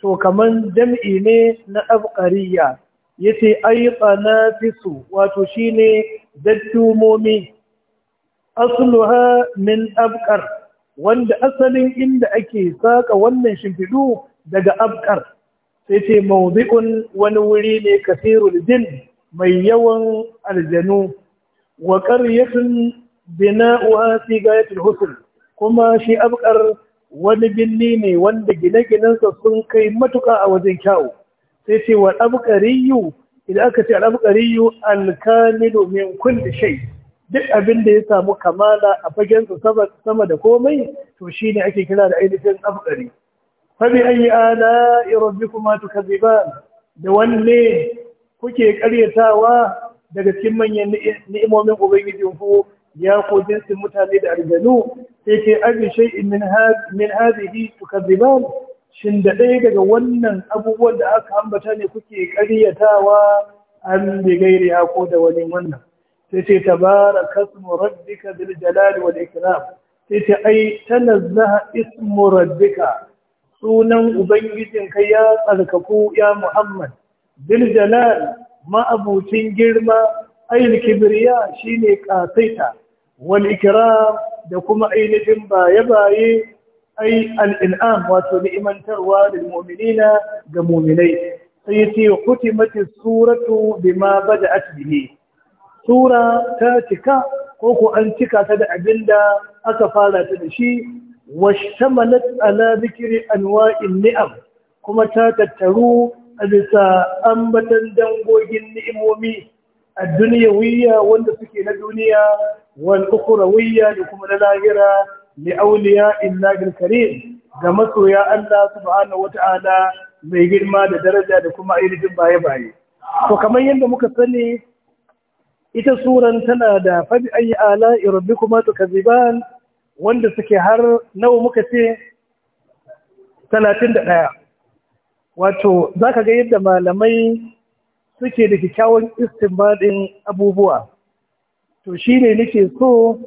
to kaman jam'i ne na abu ƙariya ya ce ayyuka na fisu wato shi ne daddumomi asluha min abqar wanda asalin inda ake saka wannan shimfidu daga abqar sai ce mawdi'un wani wuri ne kasirul din mai yawan aljanu wa qaryatun bina'uha fi gayatil husn kuma shi abqar wani binni ne wanda gine ginen sa sun kai matuka a wajen kyau sai ce wa abqariyu idan aka ce al-abqariyu al-kamilu min kulli shay' duk abin da ya samu kamala a fagensa sama da komai to shi ne ake kira da ainihin afgari fabi an yi ala irobi kuma ba da wanne kuke karyatawa daga cikin manyan ni'imomin ubangijin ku ya ko jinsin mutane da aljanu sai ke abi shay'in min min hadhihi ba shin da ɗaya daga wannan abubuwan da aka ambata ne kuke karyatawa an bi ko da wani wannan sai ce tabaraka ismu rabbika bil jalali wal sai ce ai tanazzaha ismu rabbika sunan ubangijin ka ya tsarkaku ya muhammad bil jalal ma'abucin girma ayin kibriya shine kasaita wal ikram da kuma ainihin baye baye ai al'in'am wato ni'imantarwa da mu'minina ga mu'minai sai ce kutimatis suratu bima bada'at bihi sura ta cika ko an cika ta da abin da aka fara ta da shi washtamalat ala zikri anwa'in ni'am kuma ta tattaru a bisa ambatan dangogin ni'imomi a duniyawiyya wanda suke na duniya wal ukhrawiyya da kuma na lahira li awliya illahi karim ga masoya Allah subhanahu wata'ala mai girma da daraja da kuma ainihin baye-baye to kamar yadda muka sani ita suran tana da fabi ayi ala rabbikuma tukaziban wanda suke har nawa muka ce 31 wato zaka ga yadda malamai suke da kikkiawan istinbadin abubuwa to shine nake so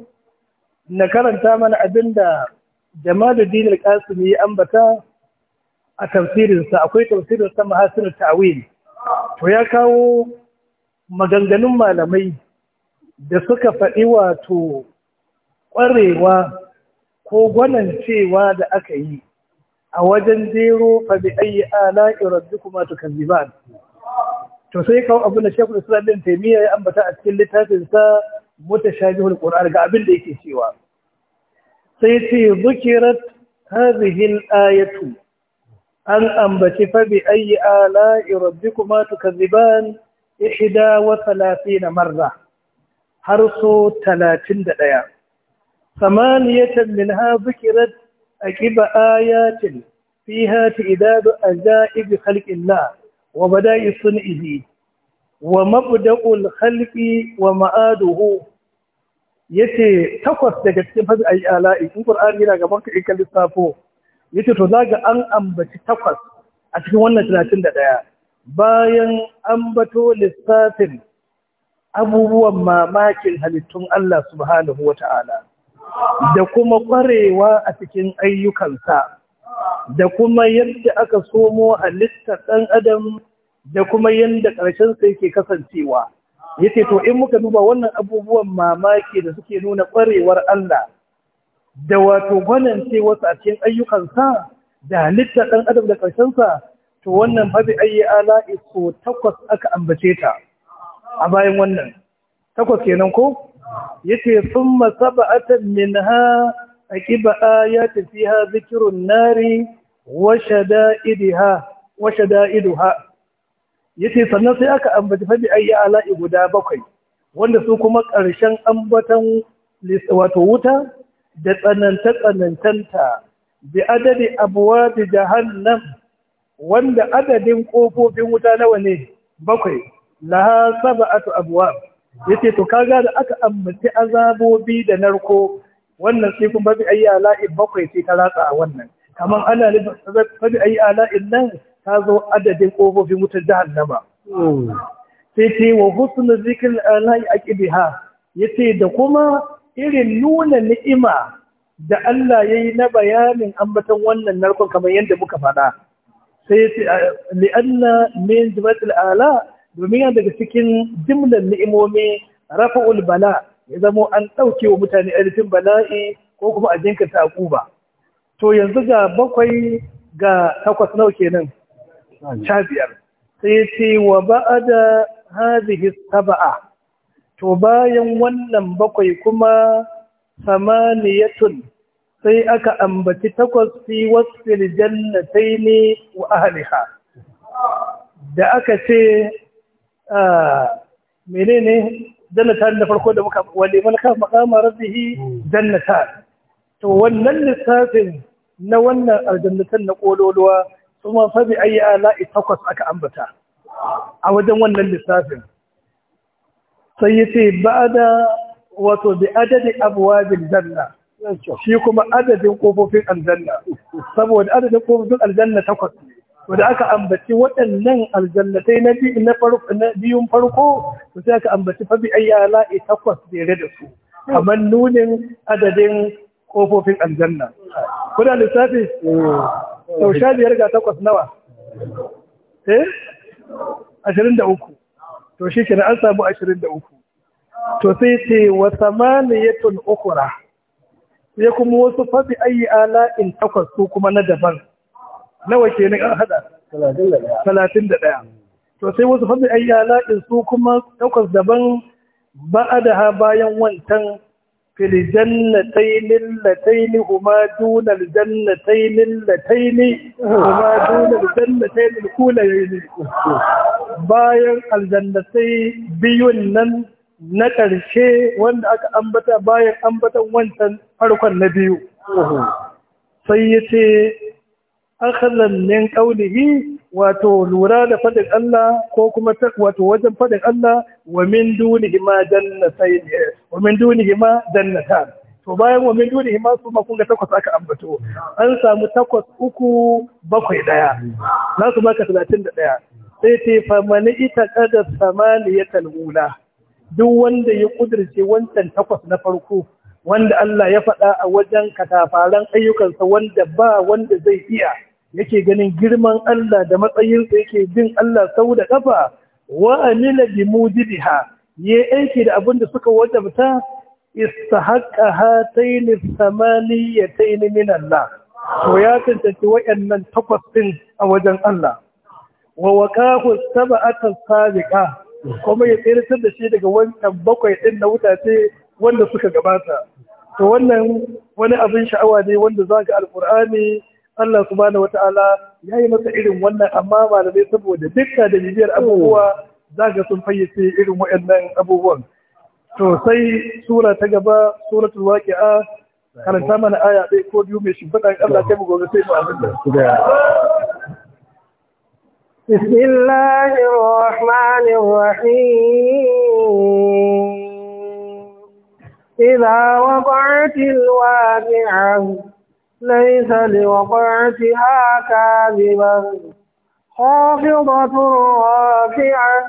na karanta mana abinda da al-Qasimi ya ambata a tafsirinsa akwai tafsirin sa mahasin ta'wil to ya kawo maganganun malamai da suka faɗi wato ƙwarewa ko gwanancewa da aka yi a wajen jero fa bi ayi ala rabbikuma tukazziban to sai kawo abu na shekul islam bin taimiyya ya ambata a cikin littafin sa mutashabihul ƙur'a ga abin da yake cewa sai ce zukirat hadhihi ayatu an ambaci fa ayi ala rabbikuma tukazziban ihda wa na marra har so talatin da ɗaya samaniyatan min ha zikirat aqiba ayatin fiha tidadu ajaib khalqillah wa bada'i sun'ihi wa mabda'ul khalqi wa ma'aduhu ce takwas daga cikin a yi ala'i in ƙur'ani yana gaban ka ikal lissafo ce to zaga an ambaci takwas a cikin wannan ɗaya. bayan an bato lissafin abubuwan mamakin halittun Allah subhanahu wa ta'ala da kuma ƙwarewa a cikin ayyukansa da kuma yadda aka somo a halittar ɗan adam da kuma yadda ƙarshen ƙarshensa yake kasancewa ya ce to in muka duba wannan abubuwan mamaki da suke nuna ƙwarewar Allah da wato gwanance wasu a cikin ayyukansa da halittar ɗan adam da ƙarshensa to wannan fabi ayi ala isko takwas aka ambace ta a bayan wannan takwas kenan ko yace thumma sab'atan minha aqiba ayatin fiha zikrun nari wa shada'idha wa shada'idha yace sannan sai aka ambaci fabi ayi ala guda bakwai wanda su kuma ƙarshen ambatan wato wuta da tsananta tsanantanta bi adadi abwabi jahannam wanda adadin ƙofofin wuta nawa ne bakwai laha abuwa. Ya ce to kaga da aka ambaci azabobi da narko wannan sai kun babi ayi ala'i bakwai sai ta ratsa a wannan kamar ana babi ayi ala'in nan ta zo adadin kofofin wutar jahannama sai ce wa husnul zikr ala'i ya yace da kuma irin nuna ni'ima da Allah yayi na bayanin ambaton wannan narkon kamar yadda muka faɗa sai ce li'anna min jimatul ala domin yana daga cikin jimlar ni'imomi rafa'ul bala ya zamo an ɗauke wa mutane alifin bala'i ko kuma a jinkirta a kuba. to yanzu ga bakwai ga takwas nau kenan sha biyar sai ce wa da hadhihi saba'a to bayan wannan bakwai kuma samaniyatun sai aka ambaci takwas fi wasfil jannataini wa ahliha da aka ce ah, menene jannatan da farko da muka wali malaka maqama rabbihi jannata. to wannan lissafin na wannan aljannatan na kololuwa kuma fa bi ayi ala'i takwas aka ambata a wajen wannan lissafin sai yace ba'da wato bi adadi abwabil janna shi kuma adadin ƙofofin aljanna saboda adadin ƙofofin aljanna takwas wanda aka ambaci waɗannan aljannatai na biyun farko su sai aka ambaci fabi ayyala a takwas jere da su kamar nunin adadin ƙofofin aljanna kuna lissafi sau sha biyar ga takwas nawa eh ashirin da uku to shi kenan an samu ashirin da uku to sai ce wa samaniyatun ukura sai kuma wasu fabi ayi ala'in takwas ko kuma na daban nawa ke nan an hada talatin da ɗaya to sai wasu fabi ayi ala'in su kuma takwas daban ba a da ha bayan wancan filjannataini Kuma huma dunal jannataini lillataini huma dunal jannataini kulayaini bayan aljannatai biyun nan na ƙarshe wanda aka ambata bayan ambatan wancan farkon na biyu sai ya ce akhalan min ƙaunihi wato lura da faɗin Allah ko kuma wato wajen faɗin Allah wa min duni hima jannatayn wa min to bayan wa min duni hima su ma kun ga takwas aka ambato an samu takwas uku bakwai Nasu za su da ɗaya. sai ce fa ita ƙadar samaniyar ula duk wanda ya kudirce wancan takwas na farko wanda Allah ya faɗa a wajen katafaran ayyukansa wanda ba wanda zai iya yake ganin girman Allah da matsayinsa yake bin Allah sau da ƙafa. wa amila bi mujibiha ya aiki da abin da suka wajabta istahaqqa hatayn as-samaniyatayn min Allah to ya tantance wayannan takwas ɗin a wajen Allah wa aka sab'atan sabiqa kuma ya tsirtar da shi daga wannan bakwai ɗin na ce wanda suka gabata to wannan wani abin sha'awa ne wanda za ga alkur'ani Allah subhanahu wata'ala ya yi masa irin wannan amma malamai saboda dukkan da bibiyar abubuwa za ga sun fayyace irin waɗannan abubuwan to sai sura ta gaba suratul waqi'a karanta mana aya ɗaya ko biyu mai shimfiɗa Allah kai mu gobe sai mu abin da بسم الله الرحمن الرحيم إذا وقعت الواقعة ليس لوقعتها كاذبا خافضة رافعة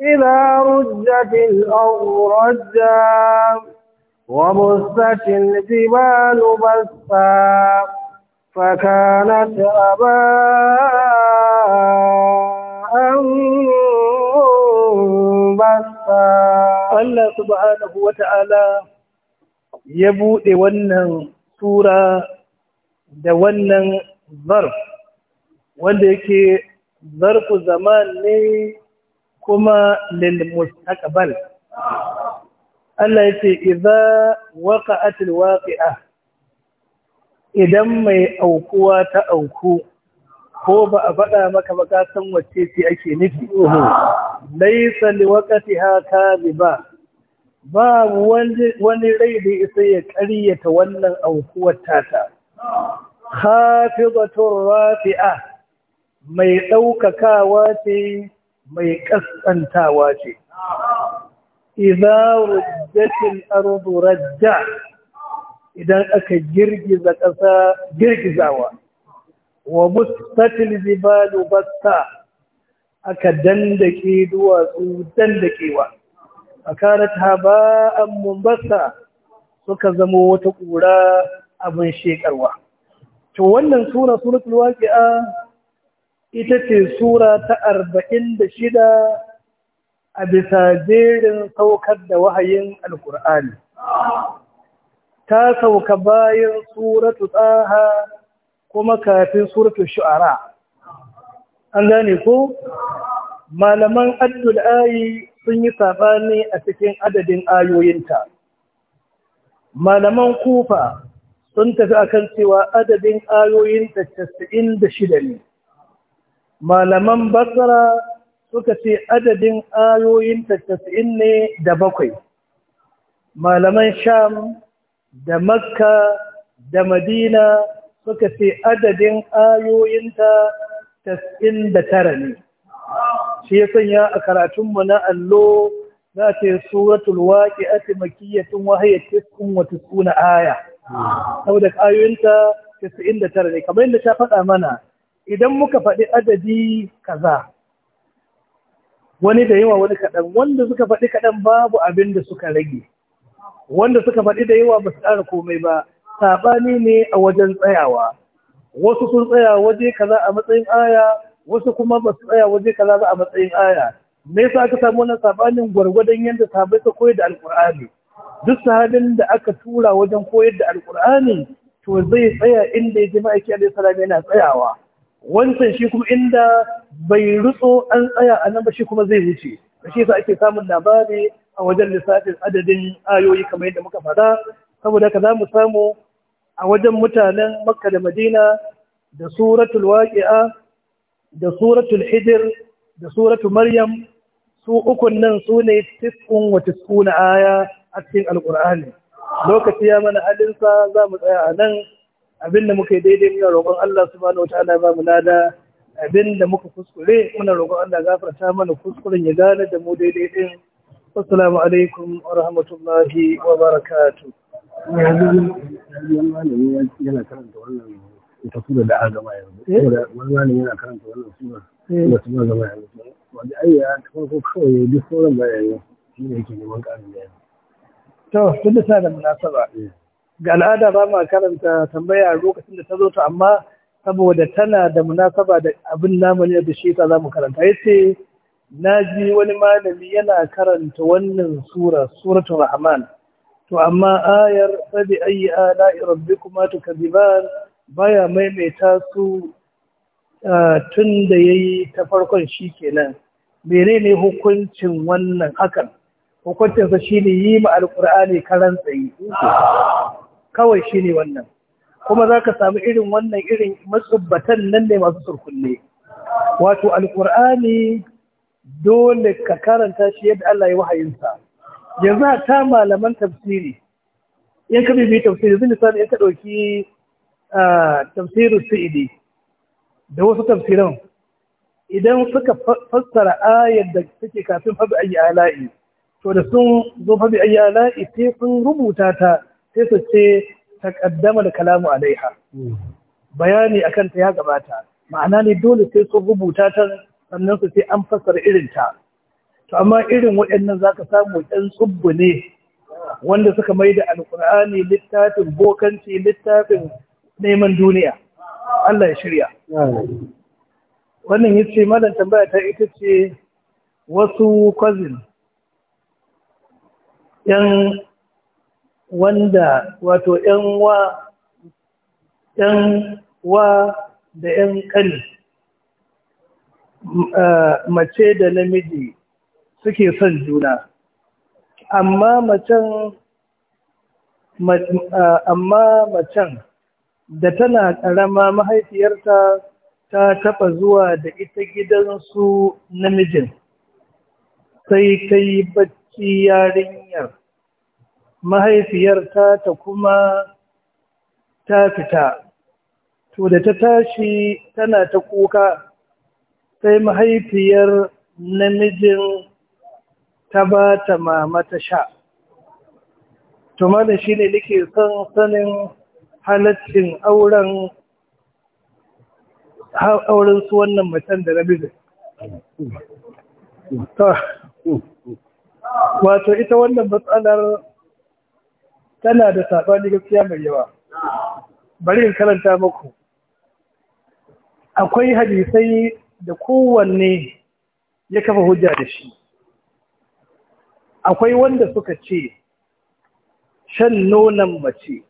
إذا رجت الأرض رجا وبست الجبال بسا فكانت أباء بسا الله سبحانه وتعالى يبوء ونن سورة da wannan zarf wanda yake zarfu zaman ne kuma lil mustaqbal Allah yace idza waqa'atil waqi'ah idan mai aukuwa ta auku ko ba a faɗa maka ba san wacce ce ake nufi laisa liwakati haka ba ba wani rai da isa ya ƙaryata wannan aukuwar tata batun rafi'a mai ɗaukakawa ce mai ƙasƙantawa ce Iza rujjatil ardu rajja idan aka girgiza ƙasa girgizawa wa mustatil zibalu basta aka dandake duwatsu dandakewa akarat an mumbasa suka zama wata ƙura abin shekarwa to wannan sura suratul waqi'a ita ce sura ta arba'in da shida a bisa jerin saukar da wahayin alkur'ani ta sauka bayan suratu tsaha kuma kafin suratu shu'ara an gane ko malaman addul ayi sun yi sabani a cikin adadin ayoyinta malaman kufa sun tafi akan cewa adadin ayoyinta 96 ne malaman basra suka ce adadin ayoyinta 90 ne da bakwai malaman sham da makka da madina suka ce adadin ayoyinta tas'in da tara ne shi ya sanya a karatunmu na allo za ta yi suratul waƙi a taimakiyyatin wahayar tiskun wata suna aya saboda ayoyinta tas'in da tara ne kamar yadda ta faɗa mana idan muka faɗi adadi kaza wani da yawa wani kaɗan wanda suka faɗi kaɗan babu abin da suka rage wanda suka faɗi da yawa ba su ƙara komai ba saɓani ne a wajen tsayawa wasu sun tsaya waje kaza a matsayin aya wasu kuma ba su tsaya waje kaza ba a matsayin aya me yasa aka samu wannan sabanin gwargwadon yadda sahabbai suka koyar da Alƙur'ani? duk sahabin da aka tura wajen koyar da Alƙur'ani to zai tsaya inda ya ji ma'aiki alaihi salam yana tsayawa wancan shi kuma inda bai rutso an tsaya a nan ba shi kuma zai wuce shi yasa ake samun labari a wajen lissafin adadin ayoyi kamar yadda muka fada saboda ka za mu samu a wajen mutanen makka da madina da suratul waƙi'a da suratul hijir da suratul maryam su ukun nan su ne tiskun wa tiskuna aya a cikin alƙur'ani lokaci ya mana halinsa za mu tsaya a nan abin da muka yi daidai muna roƙon Allah subhanahu wataala ba mu lada abin da muka kuskure muna roƙon Allah gafarta mana kuskuren ya gane da mu daidai din Assalamu alaikum wa rahmatullahi wa barakatu. yana karanta wannan da Wani yana karanta wannan sura da sura gama yanzu. Wani ai ya ta farko kawai duk sauran bayanai shi ne yake neman ƙarin bayani. To, tun da sa da munasaba. Ga al'ada ba ma karanta tambaya lokacin da ta zo ta amma saboda tana da munasaba da abin namu ne da shi ta za mu karanta. Yace na ji wani malami yana karanta wannan sura suratul rahman to amma ayar sabi ayi ala rabbikuma tukadiban baya maimaita su tun da yayi ta farkon shikenan menene hukuncin wannan hakan hukuncin sa shine yi ma alqur'ani karan tsayi kawai shine wannan kuma zaka samu irin wannan irin matsubbatan nan ne masu surkulle wato alqur'ani dole ka karanta shi yadda Allah ya wahayinsa yanzu a ta malaman tafsiri yan kabi bi tafsiri zai misali ya ka ɗauki tafsirin su'idi da wasu tafsiran idan suka fassara ayar da suke kafin fabi ayi ala'i to da sun zo fabi ayi ala'i sai sun rubuta ta sai su ce kaddama da kalamu alaiha hmm. bayani akan ta ya gabata ma'ana ne dole sai sun rubuta ta sannan su sai an fasar irin ta to amma irin waɗannan za ka samu ɗan tsubbu ne wanda suka mai da Alƙur'ani, littafin bokanci littafin neman duniya Allah ya shirya wannan yace malam tambaya ta ita ce wasu cousin yan wanda wato yan wa ɗan wa da yan kani Eh, mace da namiji suke son juna amma macen eh, amma macen da tana ƙarama mahaifiyarta ta taɓa zuwa da ita gidansu namijin sai ta yi bacci yarinyar mahaifiyarta ta kuma ta fita to da ta tashi tana ta kuka sai mahaifiyar namijin ta ba ta mama ta sha tuma da shi ne nake son sanin halaccin auren auren su wannan macen da namijin wato ita wannan matsalar tana da saɓani gaskiya mai yawa bari in karanta muku akwai hadisai da kowanne ya kafa hujja da shi akwai wanda suka ce shan nonon mace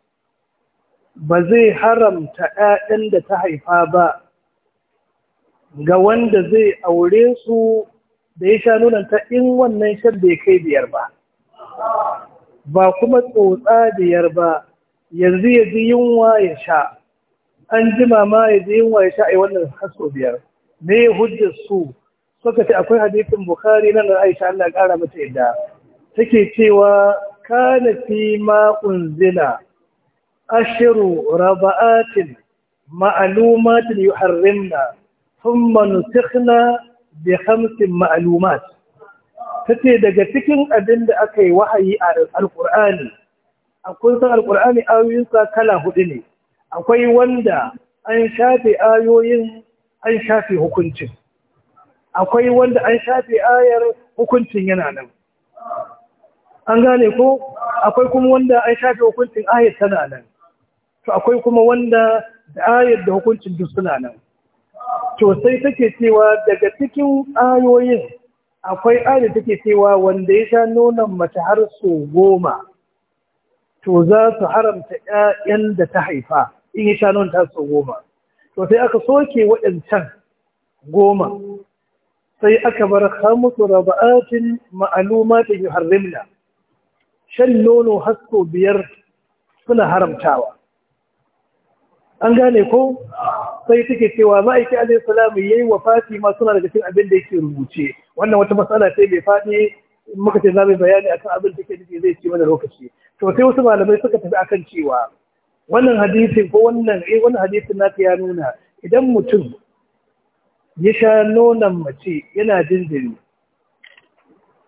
ba zai haramta ɗaɗin da ta haifa ba ga wanda zai aure su da ya sha ta in wannan shan da ya kai biyar ba ba kuma tsotsa biyar ba yanzu ya ji yunwa ya sha an jima ma ya ji yunwa ya sha a yi wannan haso biyar me hujjar su suka ce akwai hadisin bukhari nan da aisha Allah ya kara mata yadda take cewa kana fi ma unzila ashru rabaatin ma'lumatin yuharrimna thumma nusikhna bi khamsin ma'lumat tace daga cikin abin da aka wahayi a alqur'ani akwai san alqur'ani ayoyinsa kala hudu ne akwai wanda an shafe ayoyin an shafe hukuncin akwai wanda an shafe ayar hukuncin yana nan an gane ko akwai kuma wanda an shafe hukuncin ayar tana nan to akwai kuma wanda da ayar da hukuncin duk suna nan to sai take cewa daga cikin ayoyin akwai ayar take cewa wanda ya sha nonon mace har so goma to za su haramta ƴaƴan da ta haifa in ya sha nonon ta so goma to sai aka soke waɗancan goma sai aka bar hamusu raba'atin yi harimna shan nono hasko biyar suna haramtawa an gane ko sai take cewa ma'aiki alaihi salamu yi wa Fatima suna daga cin abin da yake rubuce wannan wata matsala sai mai faɗi muka ce za bayani akan abin da take nufi zai ci mana lokaci to sai wasu malamai suka tafi akan cewa wannan hadisin ko wannan eh wannan hadisin na ya nuna idan mutum ya sha nonon mace yana jinjiri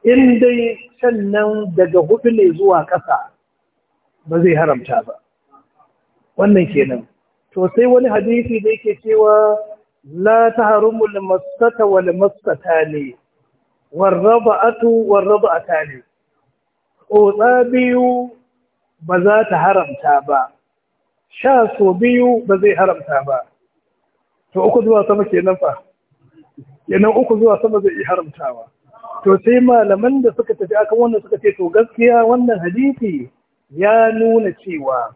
in dai sannan daga hudu ne zuwa ƙasa ba zai haramta ba wannan kenan to sai wani hadisi da yake cewa la taharumu lamassata wal massatani warraba'atu ne. tsotsa biyu ba za ta haramta ba sha so biyu ba zai haramta ba to uku zuwa sama kenan fa kenan uku zuwa sama zai iya haramtawa to sai malaman da suka tafi akan wannan suka ce to gaskiya wannan hadisi ya nuna cewa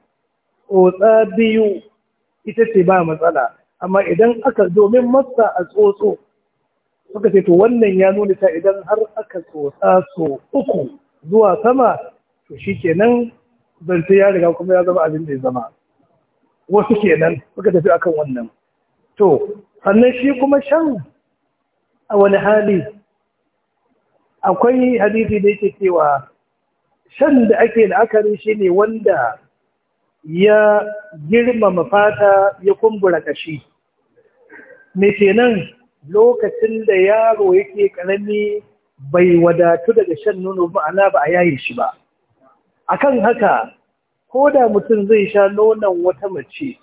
tsotsa biyu ita ce ba matsala amma idan aka domin matsa a tsotso suka ce to wannan ya nuna ta idan har aka tsotsa so uku zuwa sama to shi kenan zance ya riga kuma ya zama abin da ya zama wasu kenan suka tafi akan wannan to sannan shi kuma shan a wani hali akwai hadisi da yake cewa shan da ake la'akari shi ne wanda ya girmama fata ya kumbura kashi me kenan lokacin da yaro yake karami bai wadatu daga shan nono ma'ana ba a yayin shi ba akan haka ko da mutum zai sha nonon wata mace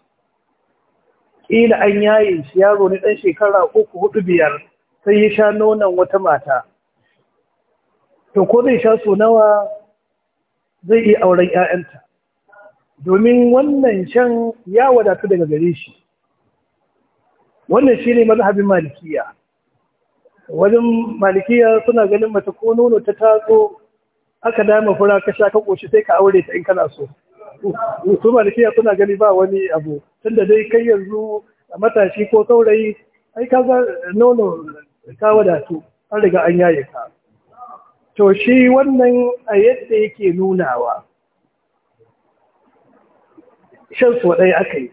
ƙila an yaye shi yaro ne ɗan shekara uku hudu biyar sai ya sha nonon wata mata to ko zai sha so nawa zai iya auren 'ya'yanta domin wannan shan ya wadatu daga gare shi wannan shine mazhabin malikiya wajen malikiya suna ganin mace ko nono ta tatso aka dama fura ka sha ka ƙoshi sai ka aure ta in kana so su malikiya suna gani ba wani abu tunda dai kai yanzu matashi ko saurayi ai ka ga nono ka wadatu an riga an yaye ka to shi wannan a yadda yake nunawa shan su ɗaya aka yi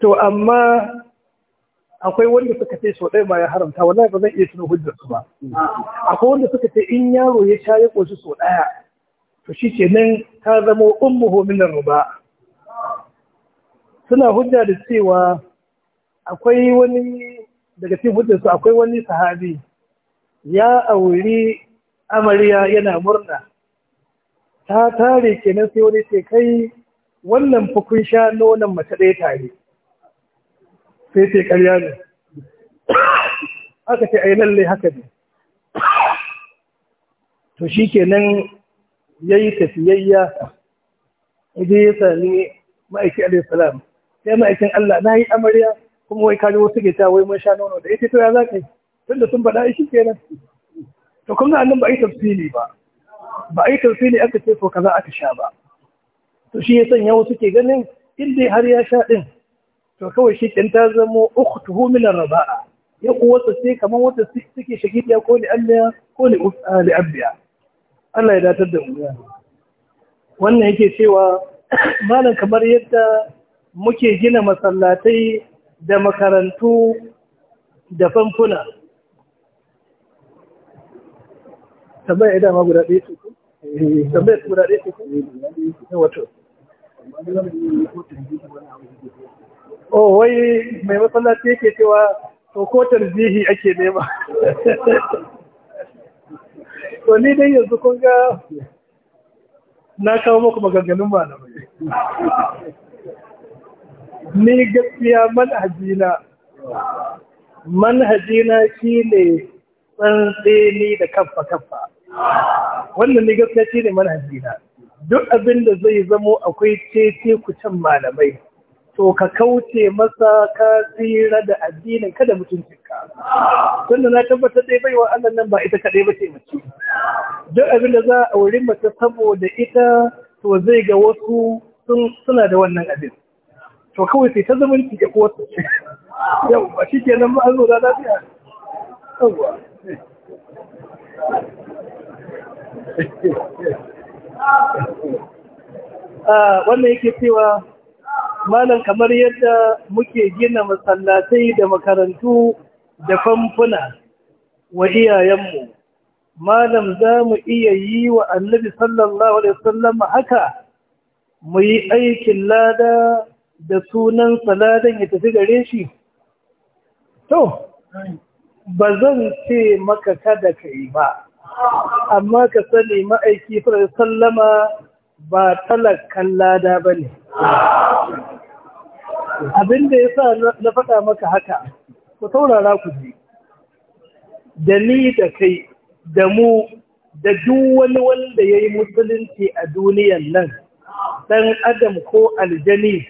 to amma akwai wanda suka ce sau ɗaya ba ya haramta wallahi ba zan iya tuna hujjar su ba akwai wanda suka ce in yaro ya sha ya ƙoshi sau ɗaya to shi ke nan ta zama ummuhu hominan ruba suna hujja da cewa akwai wani daga cikin hujjarsu akwai wani sahabi ya auri amarya yana murna ta tare kenan sai wani ce kai wannan fukun sha nonon mace ɗaya tare sai ce ƙarya ne aka ce yi lalle haka ne to shi kenan ya yi tafiyayya je ya sami ma'aikin alayhi salam sai ma'aikin Allah na yi amarya kuma wai kaji wasu ke ta wai mun sha nono da ita to ya za ka yi tun da sun faɗa shi kenan to kun ga annan ba a yi tafsili ba ba a yi tafsili aka ce to kaza aka sha ba to shi ya sanya wasu ke ganin inda har ya sha ɗin. to kawai shi ɗin ta zamo ukhtuhu min ar-raba'a ya kuwa ce kamar wata suke shagidiya ko li ko li abdiya Allah ya datar da wuya wannan yake cewa malam kamar yadda muke gina masallatai da makarantu da famfuna tambaya idan ma guda ɗaya tuku tambaya guda ɗaya tuku ne wato o oh, wai mai masallaci yake cewa to ko tarzihi ake nema to ni dai yanzu kun ga na kawo muku maganganun malamai ni gaskiya manhajina manhajina shi ne tsantseni da kaffa kaffa wannan ni gaskiya shi ne manhajina duk abin da zai zamo akwai ku can malamai to ka kauce masa ka tsira da addinin kada mutuncinka tunda na tabbatar dai baiwa Allah nan ba ita kadai ba ce mace duk abin da za a auri mace saboda ita to zai ga wasu suna da wannan abin to kawai sai ta zama ya kuwa wasu yau ba shi ke nan ba an zo da lafiya yauwa ah, wannan yake cewa malam kamar yadda muke gina masallatai da makarantu da famfuna wa iyayenmu malam za mu iya yi wa annabi sallallahu alaihi wasallam haka mu yi aikin lada da sunan saladan ya tafi gare shi to ba zan ce maka kada ka yi ba amma ka sani ma'aiki fara sallama ba talakan lada ba ne abinda ya sa na faɗa maka haka ku taurara ku ji da ni da kai da mu da duk wani wanda ya yi musulunci a duniyan nan ɗan adam ko aljani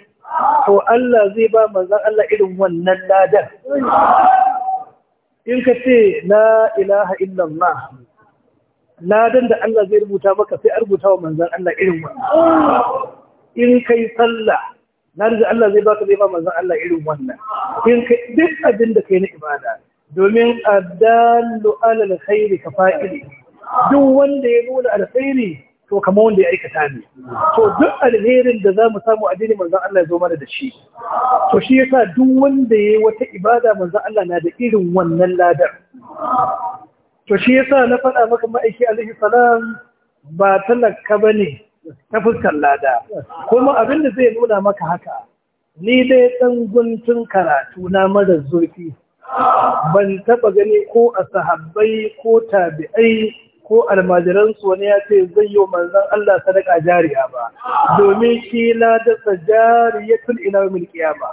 ko Allah zai ba manzan Allah irin wannan ladar in ka ce na ilaha illallah ladan da Allah zai rubuta maka sai a rubuta wa manzan Allah irin wannan in yi sallah ladan da Allah zai baka zai ba manzan Allah irin wannan in kai duk abin da yi na ibada domin adallu alal khairi ka fa'ili duk wanda ya nuna alkhairi to kamar wanda ya aikata ne to duk alherin da za mu samu a dinin manzon Allah ya zo mana da shi to shi yasa duk wanda yayi wata ibada manzan Allah na da irin wannan ladar to shi yasa na faɗa maka ma'aiki alaihi salam ba talaka ba ne ta fuskar lada kuma abin da zai nuna maka haka ni dai ɗan guntun karatu na mara zurfi ban taɓa gani ko a sahabbai ko tabi'ai ko almajiransu wani ya ce zai yi manzan Allah sadaka jariya ba domin shi ladarsa jariyatul ila yawmil qiyama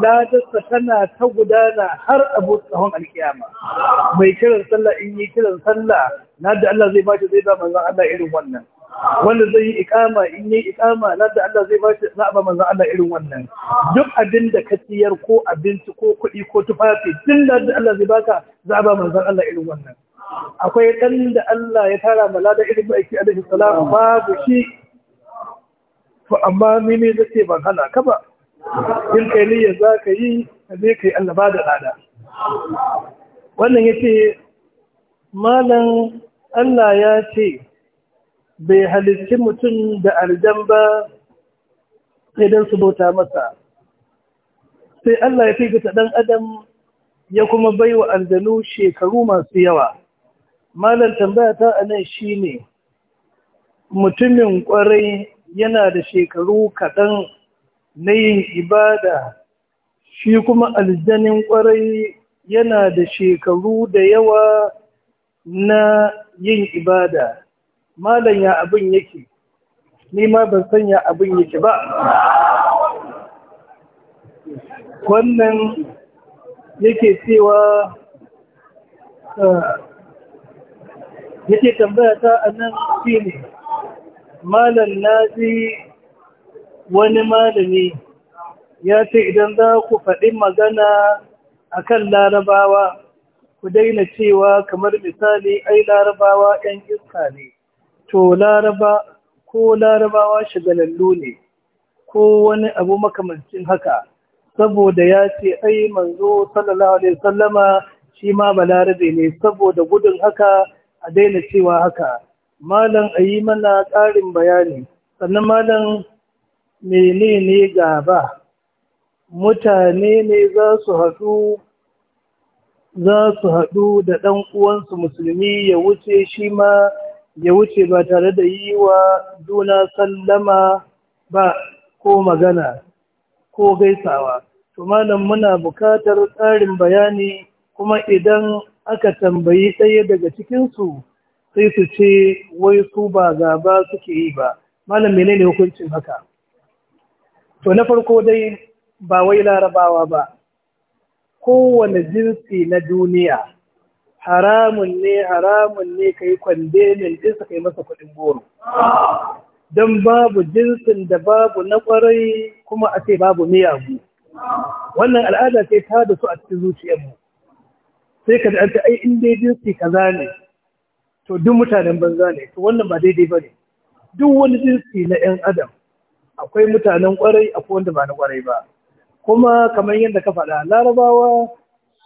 ladarsa tana ta gudana har abu tsawon alkiyama mai kiran sallah in yi kiran sallah na da Allah zai bashi zai ba manzan Allah irin wannan wanda zai yi ikama in yi ikama na da Allah zai bashi za a ba manzan Allah irin wannan duk abin da ka ciyar ko abinci ko kuɗi ko tufafi din da Allah zai baka za a ba manzan Allah irin wannan akwai ɗan da Allah ya tara mala da irin ma'aiki alaihi salam da shi to amma mimi zai ce ban hana ka ba in kai niyyar za ka yi ka zai kai Allah ba da lada wannan ce, malam Allah ya ce bai halitti mutum da aljan ba idan su bauta masa sai Allah ya fi fifita ɗan adam ya kuma bai wa aljanu shekaru masu yawa malar tambaya ta a nan shi ne mutumin kwarai yana da shekaru kaɗan na yin ibada shi kuma aljanin kwarai yana da shekaru da yawa na yin ibada malam ya abin yake ni ma ban sanya abin yake ba wannan yake cewa ah, yake tambaya ta a nan ne malam nazi wani malami ya ce idan za ku faɗi magana a kan larabawa ku daina cewa kamar misali ai larabawa 'yan iska ne to laraba ko larabawa shagalallu ne ko wani abu makamancin haka saboda ya ce ai manzo sallallahu alaihi sallama shi ma balarabe ne saboda gudun haka a daina cewa haka malam a yi mana ƙarin bayani sannan malam menene gaba mutane ne za su haɗu za su haɗu da ɗan uwansu musulmi ya wuce shi ma ya wuce ba tare da yi wa juna sallama ba ko magana ko gaisawa. To malam muna buƙatar ƙarin bayani kuma idan aka tambayi ɗaya daga cikinsu sai su ce wai su ba gaba suke yi ba malam menene hukuncin haka to na farko dai ba wai larabawa ba kowane jinsi na duniya haramun ne haramun ne ka yi min ɗinsa ka yi masa kuɗin goro don babu jinsin da babu na ƙwarai kuma a ce babu miyagu wannan al'ada ce ta da su a cikin zuciyarmu sai ka an ai in dai jinsi kaza ne to duk mutanen banza ne to wannan ba daidai ba ne duk wani jinsi na 'yan adam akwai mutanen kwarai akwai wanda ba na kwarai ba kuma kamar yadda ka faɗa larabawa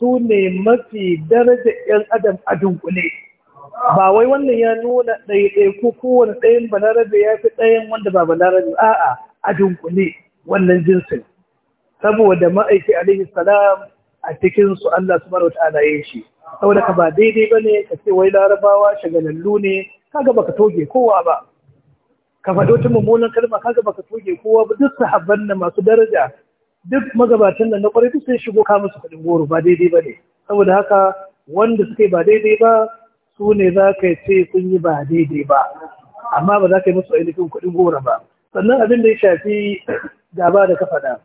su ne mafi daraja 'yan adam a dunkule ba wai wannan ya nuna ɗaiɗai ko kowane ɗayan balarabe ya fi ɗayan wanda ba balarabe a'a a dunkule wannan jinsin saboda ma'aiki alaihi salam a cikin su Allah subhanahu wataala ya shi saboda ka ba daidai ba ne, ka ce wai larabawa shagalallu ne kaga baka toge kowa ba ka faɗo ta mummunan kalma kaga baka toge kowa ba duk sahabban na masu daraja duk magabatan nan na kwarai duk sun shigo ka musu kuɗin goro ba daidai ba ne. saboda haka wanda suke ba daidai ba su ne za ka ce sun yi ba daidai ba amma ba za ka yi musu ainihin kuɗin goro ba sannan abin da ya shafi gaba da ka faɗa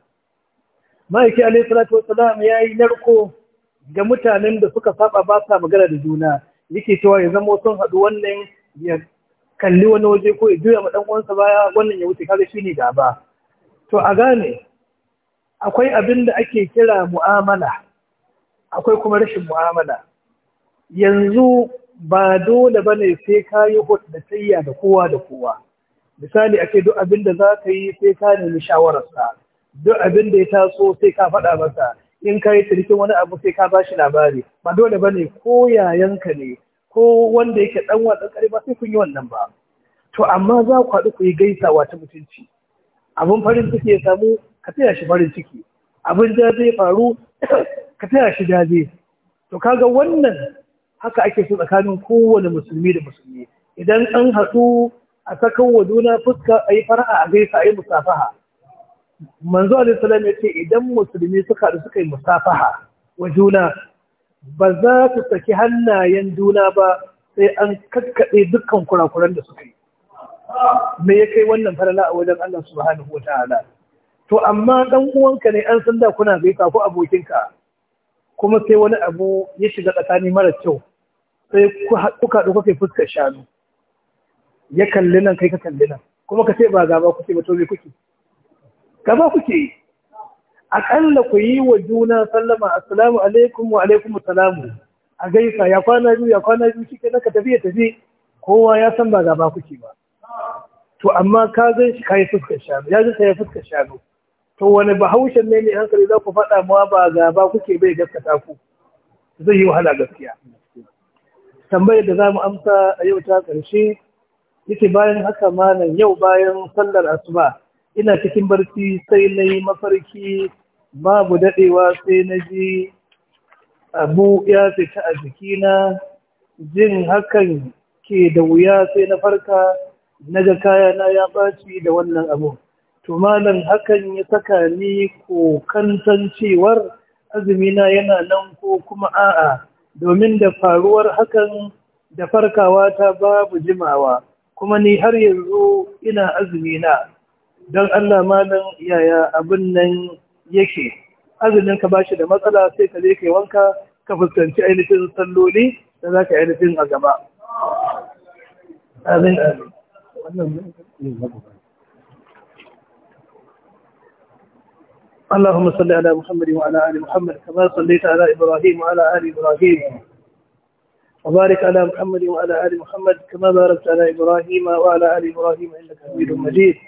ma'aiki alaihi salatu wasalam ya yi narko ga mutanen da suka saba ba sa magana da juna yake cewa ya zama sun haɗu wannan ya kalli wani waje ko ya juya ma uwansa baya wannan ya wuce ne shine gaba to a gane akwai abin da ake kira mu'amala akwai kuma rashin mu'amala yanzu ba dole ba ne sai ka yi hudda da kowa da kowa misali ake duk abin da za ka yi sai ka nemi shawararsa duk abin da ya taso sai ka faɗa masa in ka yi tsirkin wani abu sai ka ba shi labari ba dole ba ne ko yayanka ne ko wanda yake dan wa ba sai kun yi wannan ba to amma za ku haɗu ku yi gaisawa ta mutunci abin farin ciki ya samu ka taya shi farin ciki abin da zai faru ka taya shi daje to kaga wannan haka ake so tsakanin kowane musulmi da musulmi idan an haɗu a sakan wa juna fuska a yi fara'a a gaisa a yi musafaha manzo alaihi salam ya ce idan musulmi suka da suka yi musafaha wa juna ba za su saki hannayen juna ba sai an kakkaɗe dukkan kurakuran da suka yi me ya kai wannan farala a wajen Allah subhanahu wa ta'ala to amma dan uwanka ne an san da kuna gaita ko abokinka kuma sai wani abu ya shiga tsakani mara kyau sai ku haɗu kuka fuskar shanu ya kalli nan kai ka kalli nan kuma ka ce ba gaba kuke ba to me kuke kama kuke yi akalla ku yi wa juna sallama assalamu alaikum wa alaikum assalamu a gaisa ya kwana biyu ya kwana biyu shike naka tafiya tafi kowa ya san ba gaba kuke ba to amma ka gan shi kayi fuska shanu ya ji sai fuska shanu to wani bahaushen ne ne hankali za ku faɗa mawa ba gaba kuke bai gaskata ku zai yi wahala gaskiya tambayar da za mu amsa a yau ta ƙarshe yake bayan haka malam yau bayan sallar asuba ina cikin barci sai na yi mafarki babu daɗewa sai na ji abu ya fita a jikina jin hakan ke da wuya sai na farka na ga kayana ya ɓaci da wannan abu to malam hakan ya saka ni ko kantan cewar azumina yana nan ko kuma a'a domin da faruwar hakan da farkawa ta babu jimawa kuma ni har yanzu ina azumina don Allah malin yaya abin nan yake azumin ka bashi da matsala sai ka je kai wanka ka fuskanci ainihin salloli da za ka ainihin a gaba اللهم صل على محمد وعلى آل محمد كما صليت على إبراهيم وعلى آل إبراهيم وبارك على محمد وعلى آل محمد كما باركت على إبراهيم وعلى آل إبراهيم إنك حميد مجيد